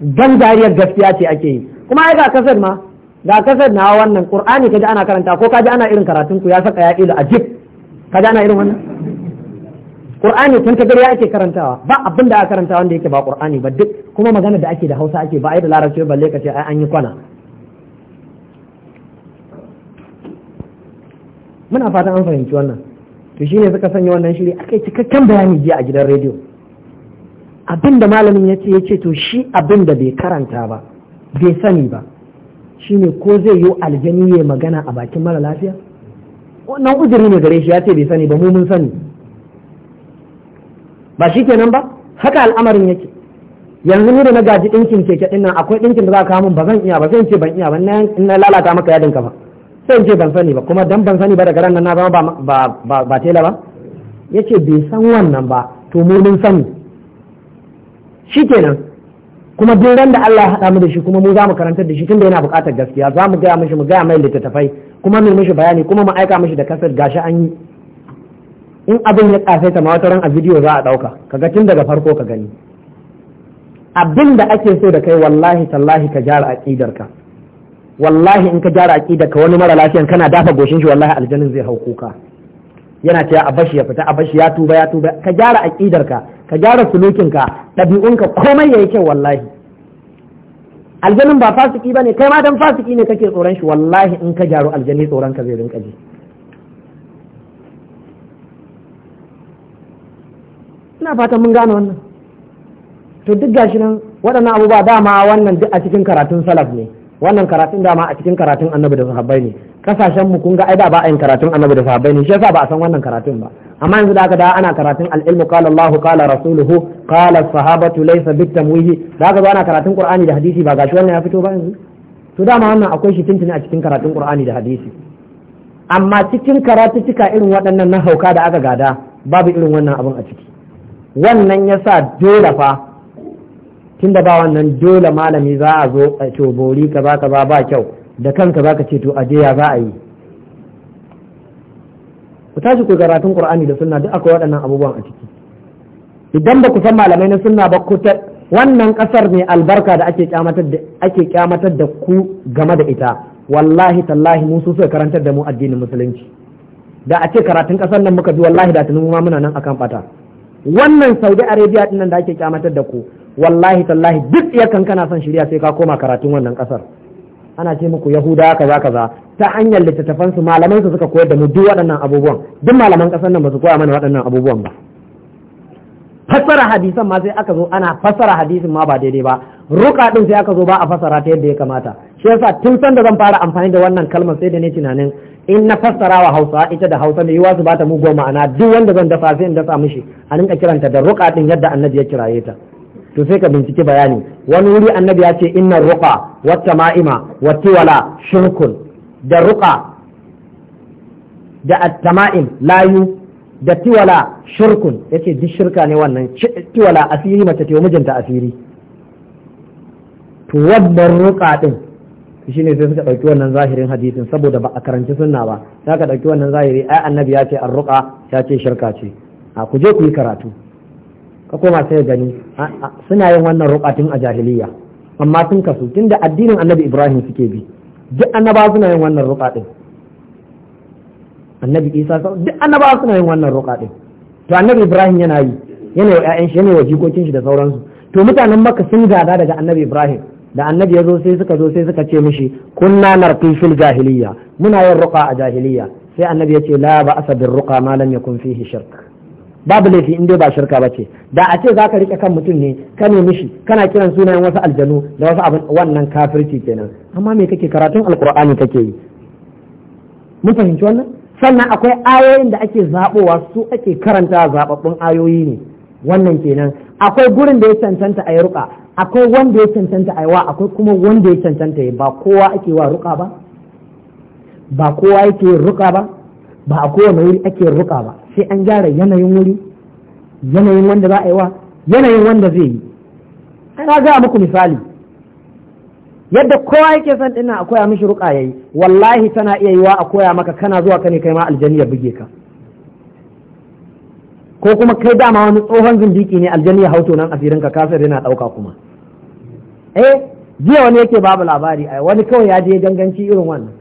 dan dariyar gaskiya ce ake yi kuma ai ga kasar ma ga kasar na wannan qur'ani kaji ana karanta ko kaji ana irin karatun ku ya saka ya ilu ajib kaji ana irin wannan qur'ani tun ta gari ake karantawa ba abin da aka karanta wanda yake ba qur'ani ba duk kuma magana da ake da Hausa ake ba ai da larabci balle ka ce ai an yi kwana muna fatan an fahimci wannan to shine suka sanya wannan shiri akai cikakken bayani jiya a gidan rediyo abin da malamin ya ce ya ce to shi abin da bai karanta ba bai sani ba shine ko zai yi aljani ya magana a bakin mara lafiya wannan uzuri ne gare shi ya ce bai sani ba mu mun sani ba shi kenan ba haka al'amarin yake yanzu ni da na gaji ɗinkin keke ɗin nan akwai ɗinkin da za ka mun ba zan iya ba zan ce ban iya ba na lalata maka yadin ka ba sai in ce ban sani ba kuma dan ban sani ba daga ran nan na zama ba ba ba tela ba yace bai san wannan ba to mu mun sani shikenan kuma duk ran da Allah ya haɗa mu da shi kuma mu za mu karantar da shi tunda yana buƙatar gaskiya za mu gaya mishi mu gaya mai littattafai kuma mu mishi bayani kuma mu aika mishi da kasar gashi an yi in abin ya kafe ta ma a bidiyo za a dauka kaga tun daga farko ka gani abin da ake so da kai wallahi tallahi ka jara aqidar ka wallahi in ka jara aqidar ka wani mara lafiyan kana dafa goshin shi wallahi aljanin zai hau kuka yana cewa a bashi ya fita abashi ya tuba ya tuba ka gyara aqidar ka ka gyara sulukin ka dabi'un ka komai yayi kyau wallahi aljanin ba fasiki bane kai ma dan fasiki ne kake tsoron shi wallahi in ka jaru aljani tsoron ka zai rinka ji ina fatan mun gane wannan to duk gashi nan waɗannan abubuwa dama wannan duk a cikin karatun salaf ne wannan karatun dama a cikin karatun annabi da sahabbai ne kasashen mu kun ga ai da ba a yin karatun annabi da sahabbai ne shi yasa ba a san wannan karatun ba amma yanzu da aka da ana karatun al-ilmu qala Allahu qala rasuluhu qala sahabatu laysa bitamwihi da aka ana karatun qur'ani da hadisi ba gashi wannan ya fito ba yanzu to dama wannan akwai shi tuntuni a cikin karatun qur'ani da hadisi amma cikin cika irin waɗannan na hauka da aka gada babu irin wannan abin a ciki wannan ya sa dole fa tunda ba wannan dole malami za a zo a to bori ka ba ka ba ba kyau da kanka za ka ce to aje ya za a yi ku tashi ku karatun qur'ani da sunna duk akwai waɗannan abubuwan a ciki idan ba ku san malamai na sunna ba ku wannan kasar ne albarka da ake kyamatar da ake kyamatar da ku game da ita wallahi tallahi mu su suka karantar da mu addinin musulunci da a ce karatun kasar nan muka bi wallahi da tunan muna nan akan fata wannan saudi arabia dinnan da ake kyamatar da ku wallahi tallahi duk iya kana son shirya sai ka koma karatun wannan kasar ana ce muku yahuda kaza kaza ta hanyar littattafan su malaman su suka koyar da mu duk waɗannan abubuwan duk malaman kasar nan ba su koya mana waɗannan abubuwan ba fassara hadisan ma sai aka zo ana fassara hadisin ma ba daidai ba ruka ɗin sai aka zo ba a fassara ta yadda ya kamata shi yasa tun sanda zan fara amfani da wannan kalmar sai da ne tunanin in na fassara wa hausa ita da hausa da yiwa su bata mugu ma'ana duk wanda zan dafa sai in dafa mishi a ninka kiranta da ruka din yadda annabi ya kiraye ta to sai ka binciki bayani wani wuri annabi ya ce inna ruqa wata ma'ima wata wala shirkun da ruqa da attama'im layu da tiwala shirkun yace duk shirka ne wannan tiwala asiri mace ce mijinta asiri to wannan ruqa din shi ne sai suka ɗauki wannan zahirin hadisin saboda ba a karanci sunna ba sai ka ɗauki wannan zahiri ai annabi ya ce arruqa ya ce shirka ce a ku je ku yi karatu ka koma sai gani suna yin wannan ruqa tun a jahiliya amma tun kasu tun da addinin annabi ibrahim suke bi duk annaba suna yin wannan ruqa din annabi isa duk annaba suna yin wannan ruqa din to annabi ibrahim yana yi yana wa 'ya'yan shi yana wa jikokin shi da sauransu to mutanen makka sun gada daga annabi ibrahim da annabi ya zo sai suka zo sai suka ce mishi kunna narqi fil jahiliya muna yin ruqa a jahiliya sai annabi ya ce la ba asa malam ruqa ma lam yakun fihi shirk babu laifi in dai ba shirka bace. da a ce zaka rike kan mutum ne ka ne mishi kana kiran sunayen wasu aljanu da wasu abin wannan kafirci kenan amma me kake karatun alqur'ani kake yi mun fahimci wannan sannan akwai ayoyin da ake zabowa su ake karanta zababbun ayoyi ne wannan kenan akwai gurin da ya cancanta a yi ruka akwai wanda ya cancanta a yi wa akwai kuma wanda ya cancanta ba kowa ake wa ruka ba ba kowa yake ruka ba ba a kowane wuri ake ruka ba sai an gyara yanayin wuri yanayin wanda za a yi wa yanayin wanda zai yi ana ga muku misali yadda kowa yake son dinnan a koya mishi ruka yayi wallahi tana iya wa a koya maka kana zuwa kane kai ma aljanniya buge ka ko kuma kai dama wani tsohon zindiki ne aljanni ya hauto nan asirin ka kasar yana ɗauka kuma eh jiya wani yake babu labari ai wani kawai ya je ganganci irin wannan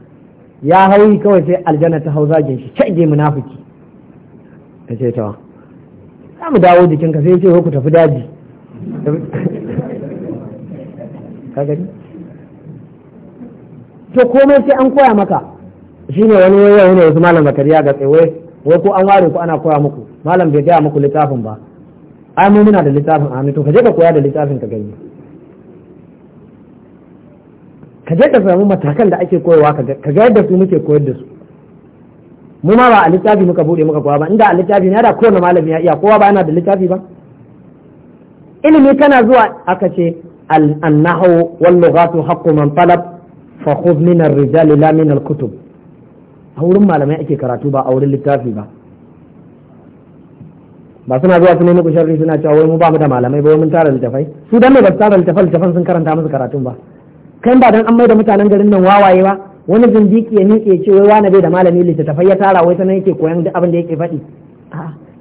ya hauyi kawai sai aljanna ta hau zagin shi cage munafiki ta ce ta za mu dawo jikinka sai ce ku tafi daji ka gani to komai sai an koya maka shine wani yau ne wasu malam bakariya ga tsaye wai ko an ware ko ana koya muku malam bai gaya muku littafin ba ai mu muna da littafin a to kaje ka koya da littafin ka gani ka je ka samu matakan da ake koyarwa ka ga yadda su muke koyar da su mu ma ba a littafi muka bude muka kowa ba inda a littafi ne da kowane malami ya iya kowa ba yana da littafi ba ilimi kana zuwa aka ce annahu wal lughatu haqqu man talab fa khudh min ar-rijali la min al-kutub a wurin malamai ake karatu ba a wurin littafi ba ba suna zuwa su nemi ku suna cewa wai mu ba mu da malamai ba mun tara littafai su dan ne ba su tara littafan littafan sun karanta musu karatun ba kai ba dan an mai da mutanen garin nan wawaye ba wani zindiki ya miƙe ce wai wani bai da malami littattafai ya tara wai sanan yake koyan abin da yake faɗi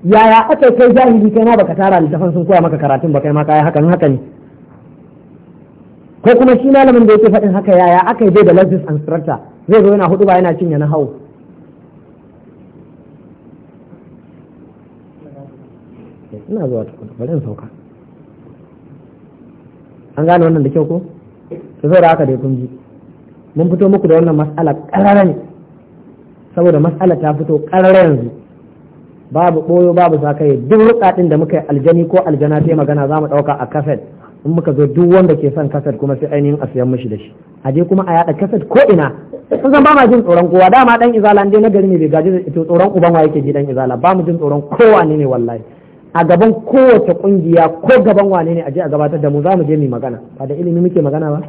yaya aka kai jahili kai ma baka tara littafan sun koya maka karatun ba kai ma kai hakan haka ne ko kuma shi malamin da yake faɗin haka yaya aka yi bai da lessons instructor zai zo yana hudu ba yana cinye na hawo ina zuwa tukuna bari in sauka an gane wannan da kyau ko to zaura haka da kun ji mun fito muku da wannan mas'ala ƙarara ne saboda mas'ala ta fito karara yanzu babu ɓoyo babu sa kai duk rukatin da muka yi aljani ko aljana sai magana za mu ɗauka a kaset in muka zo duk wanda ke son kaset kuma sai ainihin a siyan mishi da shi a je kuma a yaɗa kaset ko ina sun san ba ma jin tsoron kowa dama dan izala ne na gari ne bai gaji da ito tsoron uban wa yake ji dan izala ba mu jin tsoron kowa ne ne wallahi a gaban kowace kungiya ko gaban wane ne a je a gabatar da mu za mu je mu magana ba da ilimi muke magana ba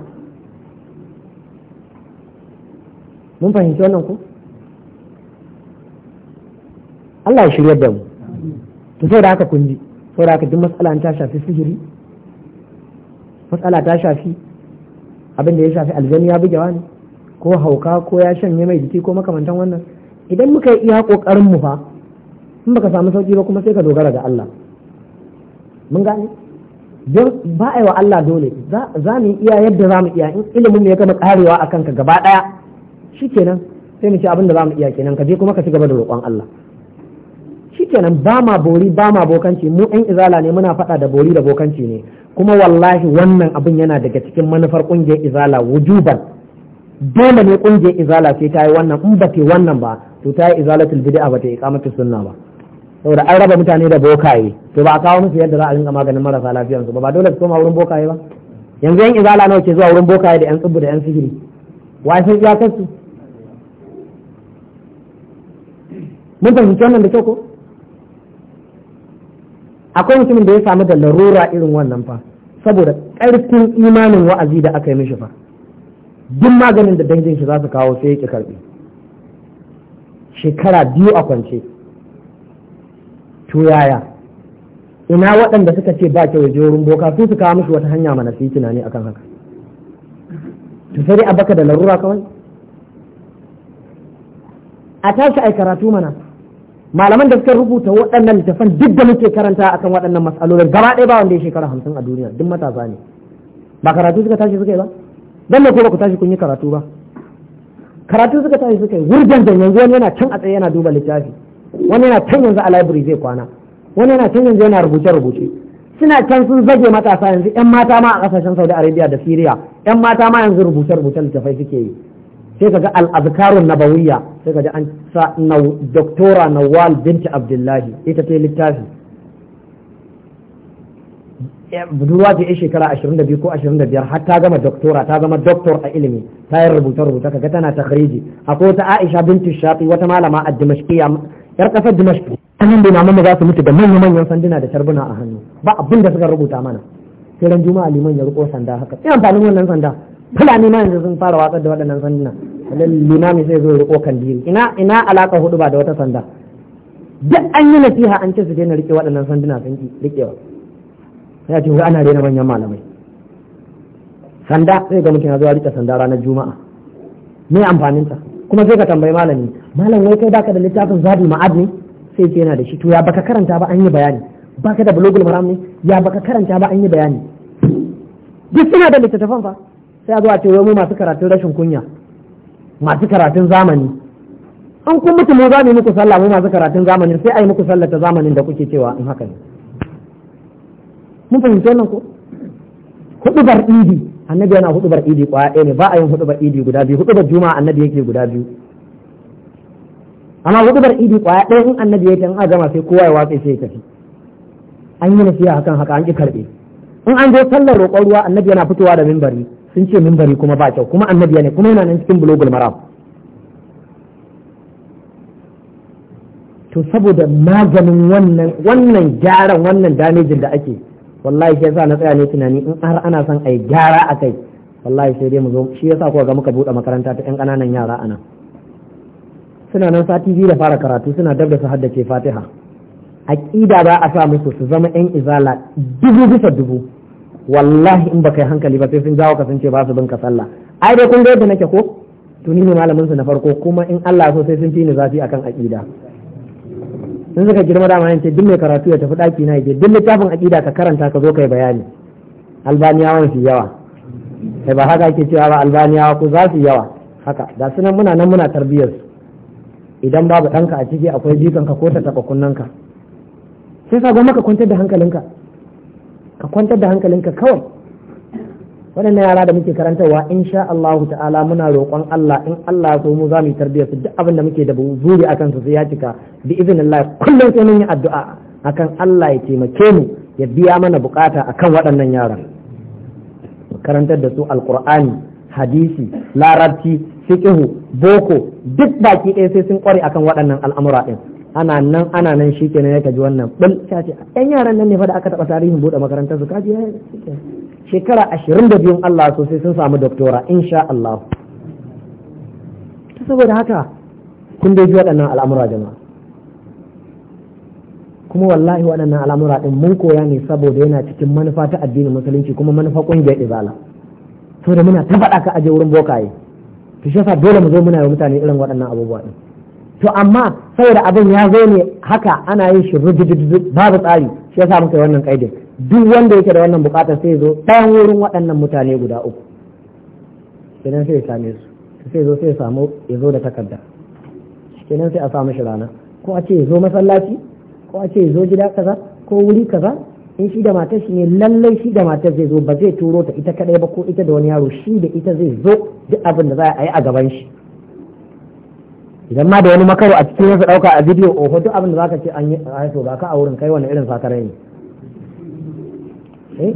mun fahimci wannan ku Allah ya shirya da mu to sai da haka kun sai da haka duk matsala ta shafi sihiri matsala ta shafi abin da ya shafi aljani ya bugewa ne ko hauka ko ya shanye mai jiki ko makamantan wannan idan muka yi iya kokarin mu fa in baka samu sauki ba kuma sai ka dogara ga Allah mun gane don ba a yi wa Allah dole za mu iya yadda za mu iya in ilimin ya gama karewa a kanka gaba Shi kenan sai mu ci abin da za mu iya kenan ka je kuma ka ci gaba da roƙon Allah Shi kenan ba ma bori ba ma bokanci mu ɗan izala ne muna faɗa da bori da bokanci ne kuma wallahi wannan abin yana daga cikin manufar ƙungiyar izala wujuban dole ne ƙungiyar izala sai ta yi wannan in ba ta wannan ba to ta yi izalatul bid'a ba ta yi iqamatus sunna ba saboda an raba mutane da bokaye to ba a kawo musu yadda za a rinka maganin marasa lafiyar su ba ba dole su koma wurin bokaye ba yanzu yan izala nawa ke zuwa wurin bokaye da yan tsibbu da yan sihiri wa sai ya kasu mun fahimci nan da kyau ko akwai mutumin da ya samu da larura irin wannan fa saboda karfin imanin wa'azi da aka yi mishi fa duk maganin da dangin shi za su kawo sai ya ki karɓi shekara biyu a kwance to yaya ina waɗanda suka ce ba kyau je wurin boka su su kawo musu wata hanya mana su yi tunani akan haka to sai a baka da larura kawai a tashi ai karatu mana malaman da suka rubuta waɗannan littafan duk da muke karanta akan waɗannan matsalolin gaba ɗaya ba wanda ya shekara hamsin a duniya duk matasa ne ba karatu suka tashi suka yi ba dan ne ko ba ku tashi kun yi karatu ba karatu suka tashi suka yi wurgen da yanzu wani yana can a tsaye yana duba littafi wani yana can yanzu a library zai kwana wani yana can yanzu yana rubuce rubuce suna can sun zage matasa yanzu yan mata ma a kasashen Saudi Arabia da Syria yan mata ma yanzu rubuce rubuce littafai suke yi sai kaga al-azkarun nabawiyya sai kaga an sa doktora Nawal binti Abdullahi ita ta littafi budurwa ce ya shekara 22 ko 25 har ta gama doktora ta gama doktor a ilimi ta yi rubuce-rubuce kaga tana takhriji akwai wata Aisha binti Shafi wata malama a dimashkiya yar kasar an yi da imaman za su mutu da manya manyan sanduna da tarbuna a hannu ba abin da suka rubuta mana sai ran juma'a liman ya riko sanda haka sai amfanin wannan sanda fulani ma yanzu sun fara watsar da waɗannan sanduna limami sai zo ya riko kandiri ina ina alaka hudu ba da wata sanda duk an yi nasiha an ce su daina rike waɗannan sanduna sun ki rikewa sai a ce ana rena manyan malamai sanda sai ga mutum ya zo rike sanda ranar juma'a me amfanin ta. kuma sai ka tambayi malami malam wai kai baka da littafin zabi ma'ad ne sai ce yana da shi to ya baka karanta ba an yi bayani baka da bulugul maram ne ya baka karanta ba an yi bayani duk suna da littattafan fa sai a zo a ce wai mu masu karatun rashin kunya masu karatun zamani an kun mutu mu za mu muku sallah mu masu karatun zamani, sai a yi muku sallah ta zamanin da kuke cewa in haka ne mun fahimci wannan ko hudubar idi annabi yana hudubar idi kwaya ɗaya ne ba a yin hudubar idi guda biyu hudubar juma'a annabi yake guda biyu amma hudubar idi kwaya ɗaya in annabi yake in a gama sai kowa ya watsa sai ya tafi an yi nasiha hakan haka an ki karɓe in an zo sallar roƙon ruwa annabi yana fitowa da mimbari sun ce mimbari kuma ba kyau kuma annabi ne kuma yana nan cikin bulogul maram to saboda maganin wannan wannan gyaran wannan damejin da ake wallahi shi yasa na tsaya ne tunani in har ana son ai gyara a kai wallahi sai dai mu zo shi yasa kuka ga muka buɗe makaranta ta yan ƙananan yara ana suna nan sati biyu da fara karatu suna dab da su ce fatiha aqida ba a sa musu su zama ƴan izala dubu bisa dubu wallahi in baka yi hankali ba sai sun jawo ka sun ce ba su bin ka sallah ai dai kun ga yadda nake ko tuni ne malamin su na farko kuma in Allah so sai sun fi ni zafi akan aqida sun suka girma da mayan ce duk mai karatu ya tafi ɗaki na yake duk littafin aƙida ka karanta ka zo kai bayani albaniyawan su yawa sai ba haka ake cewa ba albaniyawa ku za su yawa haka da su nan muna nan muna tarbiyyar su idan babu ɗanka a ciki akwai ka ko ta taɓa ka sai ka gwamma ka kwantar da hankalinka ka kwantar da hankalinka kawai waɗannan yara da muke karantarwa sha Allah ta'ala muna roƙon Allah in Allah so mu za mu yi tarbiyyar su duk abin da muke da zuri akan su sai ya cika bi iznillah kullum sai mun yi addu'a akan Allah ya taimake mu ya biya mana bukata akan waɗannan yaran karantar da su alqur'ani hadisi larabci fiqhu boko duk baki ɗaya sai sun kware akan waɗannan al'amura din ana nan ana nan shikenan ya kaji wannan bil ɗan yaran nan ne fa da aka taɓa tarihin buɗe makarantar su kaji ya shekara ashirin da biyun Allah sosai sun samu doktora insha Allah ta saboda haka kun dai waɗannan al'amura jama'a kuma wallahi waɗannan al'amura ɗin mun koya ne saboda yana cikin manufa ta addinin musulunci kuma manufa ƙungiyar izala saboda muna ta faɗa ka aje wurin bokaye to shi yasa dole mu zo muna yi mutane irin waɗannan abubuwa ɗin to amma saboda abin ya zo ne haka ana yin shi babu tsari shi yasa muka yi wannan ƙaidin duk wanda yake da wannan bukatar sai zo ɗayan wurin waɗannan mutane guda uku kenan sai ya same su sai zo sai ya samu ya zo da takarda kenan sai a samu shi rana ko a ce ya zo masallaci ko a ce ya zo gida kaza ko wuri kaza in shi da matar shi ne lallai shi da matar zai zo ba zai turo ta ita kadai ba ko ita da wani yaro shi da ita zai zo duk abin da za a yi a gaban shi idan ma da wani makaro a cikin yasa dauka a bidiyo oho duk abin da za ka ce an yi a haifo ba ka a wurin kai wani irin sakarai ne eh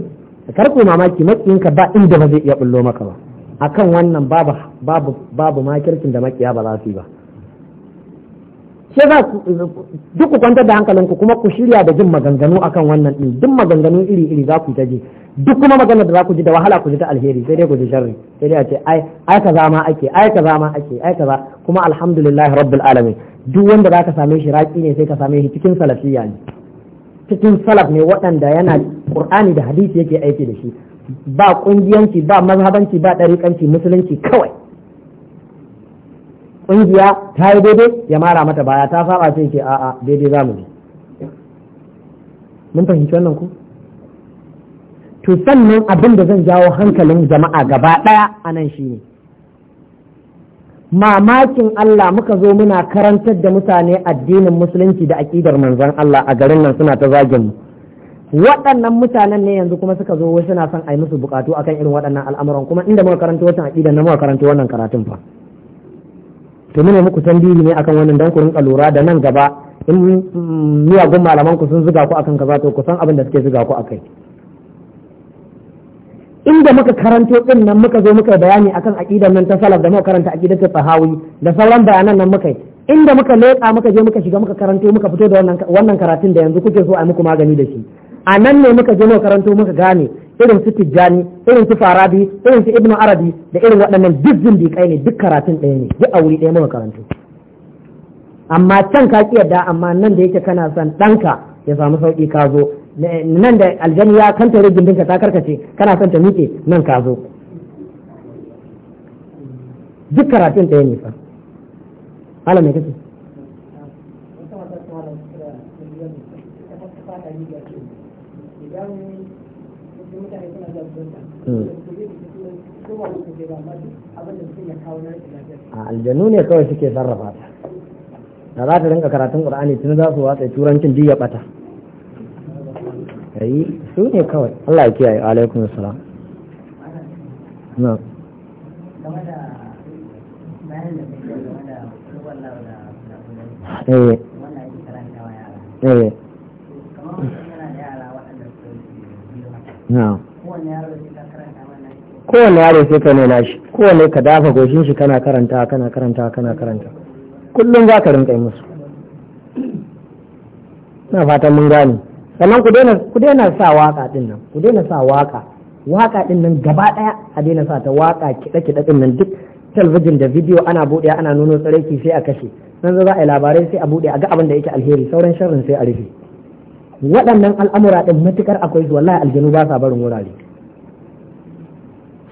karku mamaki makiyinka ba inda ba zai iya bullo maka ba akan wannan babu babu babu makircin da makiya ba za su yi ba ke za ku duk ku kwantar da hankalinku kuma ku shirya da jin maganganu akan wannan din duk maganganu iri iri za ku duk kuma magana da za ku ji da wahala ku ji ta alheri sai dai ku ji sharri sai dai a ce ai ai kaza ma ake ai kaza ma ake ai kaza kuma alhamdulillah rabbil alamin duk wanda za ka same shi raki ne sai ka same shi cikin salafiyya ne cikin salaf ne waɗanda yana ƙur'ani da hadisi yake aiki da shi ba ƙungiyanci ba mazhabanci ba ɗariƙanci musulunci kawai ƙungiya ta yi daidai ya mara mata baya ta saba ce ke a'a daidai za mu bi mun fahimci wannan ku to sannan abin da zan jawo hankalin jama'a gaba ɗaya a nan shine mamakin Allah muka zo muna karantar da mutane addinin musulunci da aƙidar manzon Allah a garin nan suna ta zagin mu waɗannan mutanen ne yanzu kuma suka zo suna son a yi musu bukatu akan irin waɗannan al'amuran kuma inda muka karanta wata aƙidar na muka karanta wannan karatun fa to ne muku biyu ne akan wannan dan ku rinƙa lura da nan gaba in miyagun malaman ku sun zuga ku akan kaza to ku san abin da suke zuga ku akai inda muka karanto din nan muka zo muka bayani akan aqidar nan ta salaf da muka karanta aqidar ta sahawi da sauran bayanan nan muka inda muka leƙa muka je muka shiga muka karanto muka fito da wannan karatun da yanzu kuke so a muku magani da shi a nan ne muka je muka karanto muka gane irin su tijjani irin su farabi irin su ibnu arabi da irin waɗannan duk kai ne duk karatun ɗaya ne duk a wuri ɗaya muka karanto amma can ka ki da, amma nan da yake kana son ɗanka ya samu sauƙi ka zo nan da aljani ya kanta kantare dinka ta karkace kana son ta miƙe nan ka zo duk karatun ɗaya ne fa malam mai kake hmm. aljanu ne kawai suke sarrafa ta da za ta rinka karatun ƙur'ani tun za su watsa turancin duk ya ɓata ayi su ne kawai Allah ya kiyaye alaikum salam eh. Eh. kowane yaro sai ka nuna shi kowane ka dafa goshin shi kana karanta kana karanta kana karanta kullum za ka rinka musu na fatan mun gane sannan ku daina sa waka din nan ku daina sa waka waka din nan gaba daya a daina sa ta waka kida kida din nan duk talbijin da bidiyo ana buɗe ana nuno tsareki sai a kashe nan za a yi labarai sai a buɗe a ga abin da yake alheri sauran sharrin sai a rufe waɗannan al'amura din matukar akwai su wallahi aljanu ba sa barin wurare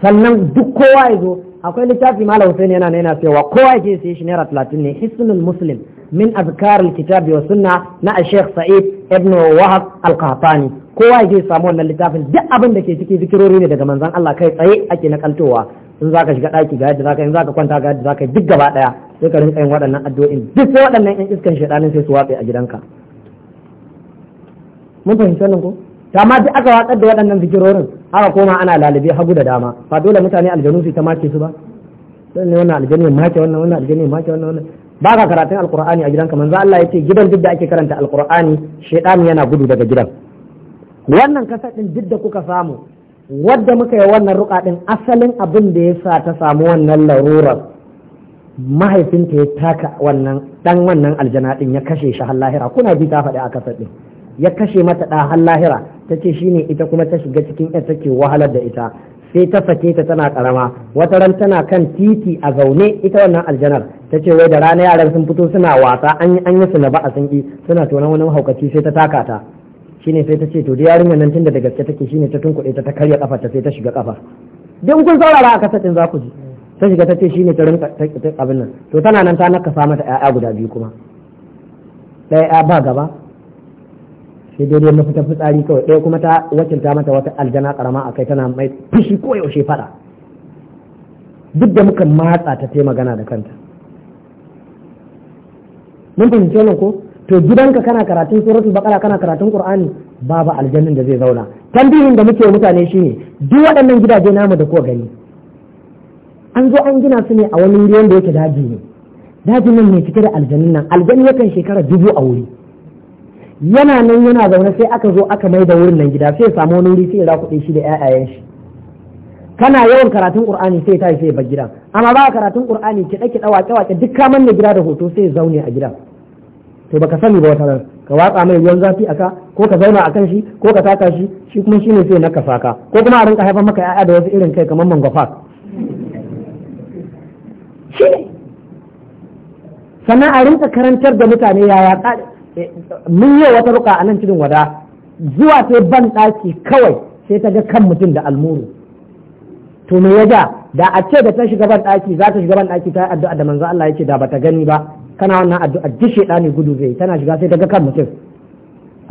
sannan duk kowa ya zo akwai littafi malam Hussein yana yana cewa kowa ya je sai shi naira talatin ne hisnul muslim min azkarul kitabi wa sunna na Sheikh Sa'id ibn Wahab al-Qahtani kowa yake samu wannan littafin duk abin da ke ciki zikirori ne daga manzon Allah kai tsaye ake nakaltowa in zaka shiga daki ga yadda zaka in zaka kwanta ga yadda zaka duk gaba daya sai ka rinka yin waɗannan addu'o'in duk waɗannan yan iskan shedanin sai su watsa a gidanka mun fahimci wannan ko dama duk aka watsar da waɗannan zikirorin aka koma ana lalibe hagu da dama ba dole mutane aljanu ta mace su ba sai ne wannan aljanu ya mace wannan wannan aljanu ya wannan ba ka karatun alkur'ani a gidanka manzo Allah ya ce gidan duk da ake karanta alkur'ani shaidan yana gudu daga gidan wannan kasa din duk da kuka samu wadda muka yi wannan ruka din asalin abin da ya sa ta samu wannan larurar mahaifinta ya taka wannan dan wannan aljana din ya kashe shi har lahira kuna bi ta faɗi a kasa din ya kashe mata da har lahira ta ce shine ita kuma ta shiga cikin ita take wahalar da ita sai ta sake ta tana karama wata ran tana kan titi a zaune ita wannan aljanar ta ce wai da rana yaran sun fito suna wasa an yi su na ba a sanki suna tonan wani haukaci sai ta taka ta shine sai ta ce to da yarinyar nan tunda da gaske take shine ta tunkuɗe ta ta karya kafa ta sai ta shiga kafa din kun saurara a kasatin za ku ji ta shiga ta ce shine ta rinka abin nan to tana nan ta nakasa mata ƴaƴa guda biyu kuma ɗaya ba gaba sai dai mafita fitsari kawai ɗaya kuma ta wakilta mata wata aljana karama a kai tana mai fushi ko yaushe fada duk da muka matsa ta ta magana da kanta mun fahimci wannan ko to gidanka kana karatun suratul baqara kana karatun qur'ani babu aljannin da zai zauna tambihin da muke mutane shine duk waɗannan gidaje namu da ko gani an zo an gina su ne a wani wuri wanda yake daji ne dajin nan ne cike da aljannin nan aljannin yakan shekara dubu a wuri yana nan yana zaune sai aka zo aka mai da wurin nan gida sai samu wani wuri sai ya kuɗi shi da ƴaƴayen shi kana yawan karatun qur'ani sai ta sai bar gidan amma ba karatun qur'ani ki dake dawa waƙe duk ka manne gida da hoto sai zaune a gidan to baka sani ba wata ran ka watsa mai ruwan zafi aka ko ka zauna akan shi ko ka taka shi shi kuma shine sai na kasa ka ko kuma a rinka haifar maka ƴaƴa da wasu irin kai kamar mangwafa shine sannan a rinka karantar da mutane yaya mun yi wata ruka a nan cikin wada zuwa sai ban ɗaki kawai sai ta ga kan mutum da almuru to me ya da a ce da ta shiga ban ɗaki za ta shiga ban ɗaki ta yi addu'a da manzo Allah ya ce da bata gani ba kana wannan addu'a duk ne gudu zai tana shiga sai ta ga kan mutum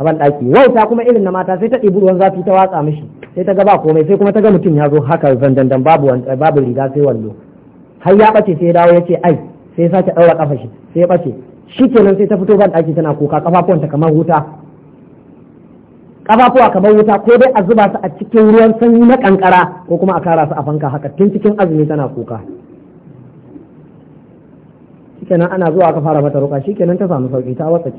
a ban Wai ta kuma irin na mata sai ta ɗibi ruwan zafi ta watsa mishi sai ta ga ba komai sai kuma ta ga mutum ya zo haka zandandan babu babu riga sai wallo har ya bace sai ya dawo yace ce ai sai ya sake ɗaura ƙafa shi sai ya bace shikenan sai ta fito ban ɗaki tana kuka kafafuwan ta kamar wuta kafafuwa kamar wuta ko dai a zuba su a cikin ruwan sanyi na kankara ko kuma a kara su a fanka haka tun cikin azumi tana kuka shikenan ana zuwa aka fara mata roƙa shikenan ta samu sauki ta watsa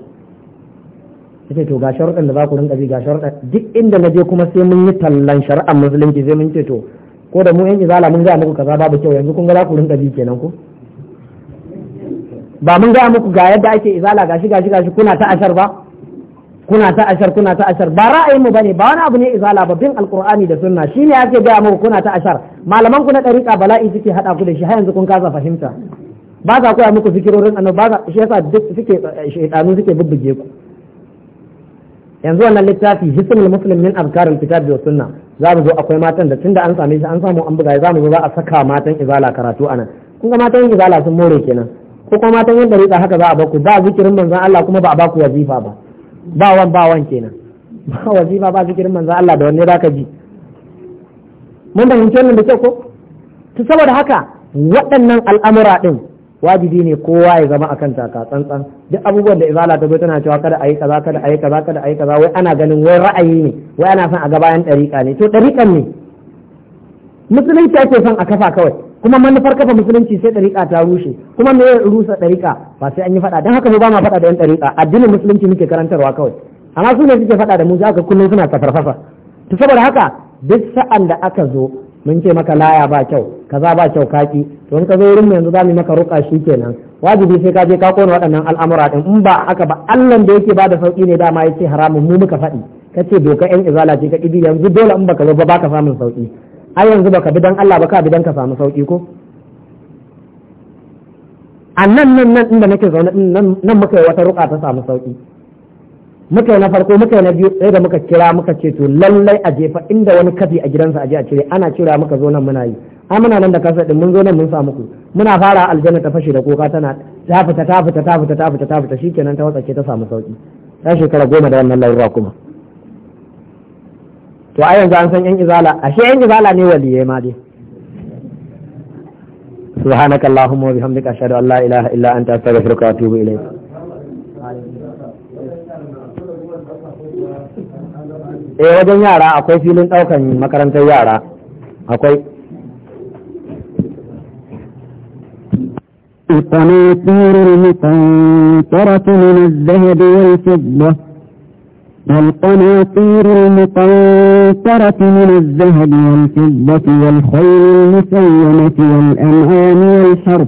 ce to ga sharuɗan da za ku rinka bi ga sharuɗan duk inda na je kuma sai mun yi tallan shari'ar musulunci sai mun ce to ko da mu yan izala mun ga muku kaza babu kyau yanzu kun ga za ku rinka bi kenan ko ba mun gaya muku ga yadda ake izala gashi gashi gashi kuna ta ashar ba kuna ta ashar kuna ta ashar ba ra'ayin mu bane ba wani abu ne izala ba bin alqur'ani da sunna shine ake gaya muku kuna ta ashar malaman ku na dariqa bala'i suke hada ku da shi har yanzu kun kasa fahimta ba za ya muku zikirorin annabi ba shi yasa duk suke eh, shaytanu suke bubbuge ku yanzu wannan littafi hisnul muslim min azkar alkitab wa sunna za mu zo akwai matan da tunda an same shi an samu an buga za mu zo za a saka matan izala karatu anan kun ga matan izala sun more kenan ko kuma matan yin dariƙa haka za a baku ba zikirin manzan Allah kuma ba a baku wazifa ba ba wan ba wan kenan ba wazifa ba zikirin manzan Allah da wanne za ka ji mun fahimci wannan da kyau ko to saboda haka waɗannan al'amura ɗin wajibi ne kowa ya zama akan taka tsantsan duk abubuwan da izala ta zo tana cewa kada ayi kaza kada ayi kaza kada ayi kaza wai ana ganin wai ra'ayi ne wai ana son a ga bayan ɗariƙa ne to dariƙan ne musulunci ake son a kafa kawai kuma manufar kafa musulunci sai ɗariƙa ta rushe kuma me ya rusa ɗariƙa ba sai an yi faɗa don haka mu ba ma faɗa da yan ɗariƙa addinin musulunci muke karantarwa kawai amma su ne suke faɗa da mu za ka kullum suna tafarfasa to saboda haka duk sa'an da aka zo mun ce maka laya ba kyau kaza ba kyau kaki to in ka zo wurin yanzu za mu maka ruƙa shi kenan wajibi sai ka je ka kona waɗannan al'amura din in ba aka ba Allah da yake bada sauki ne dama ce haramun mu muka faɗi kace doka yan izala ce ka ibi yanzu dole in baka zo ba baka samun sauki ai yanzu baka bi dan Allah ba ka bi dan ka samu sauki ko a nan nan nan inda nake zaune nan muka yi wata ruka ta samu sauki muka yi na farko muka yi na biyu sai da muka kira muka ce to lallai a jefa inda wani kafi a gidansa a je a cire ana cira muka zo nan muna yi ai muna nan da kasa din mun zo nan mun samu ku muna fara aljanna ta fashe da koka tana ta fita ta fita ta fita ta fita ta fita shikenan ta watsa ce ta samu sauki ta shekara goma da wannan lalura kuma to a yanzu an san yan izala shi yan izala ne waliyai ma dai سبحانك اللهم وبحمدك أشهد أن لا إله إلا أنت أستغفرك وأتوب إليك eh wajen yara akwai filin ɗaukan makarantar yara akwai قناطير المقنطرة من الذهب والفضة والقناطير المقنطرة من الذهب والفضة والخيل المسيمة والأنعام والحرب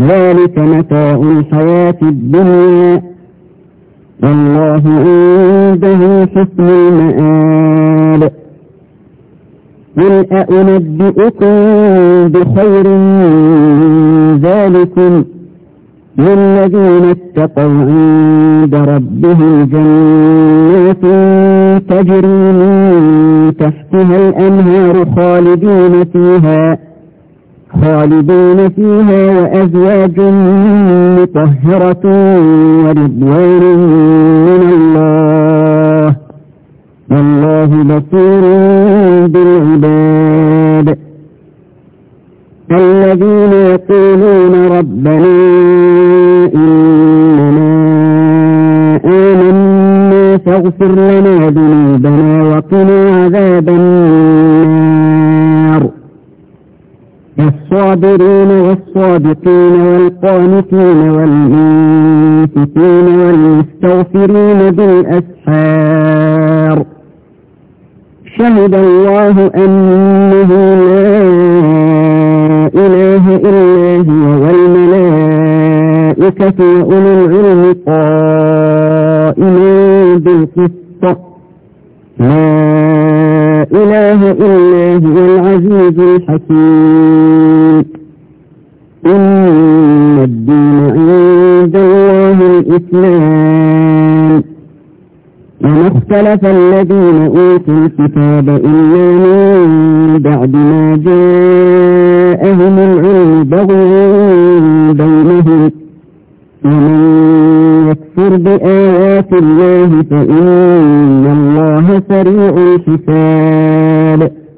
ذلك متاع الحياة الدنيا والله عنده حسن المآب قل أأنبئكم بخير من ذلكم للذين اتقوا عند ربهم جنات تجري من تحتها الأنهار خالدين فيها خالدين فيها وأزواج مطهرة ورضوان من الله والله بصير بالعباد الذين يقولون ربنا والصابرين والصادقين والقانتين والمنفقين والمستغفرين بالأسحار شهد الله أنه لا إله إلا هو والملائكة وأولو العلم قائما بالقسط لا إله إلا هو العزيز الحكيم اختلف الذين أوتوا الكتاب إلا من بعد ما جاءهم العلم بغيا بينهم ومن يكفر بآيات الله فإن الله سريع الحساب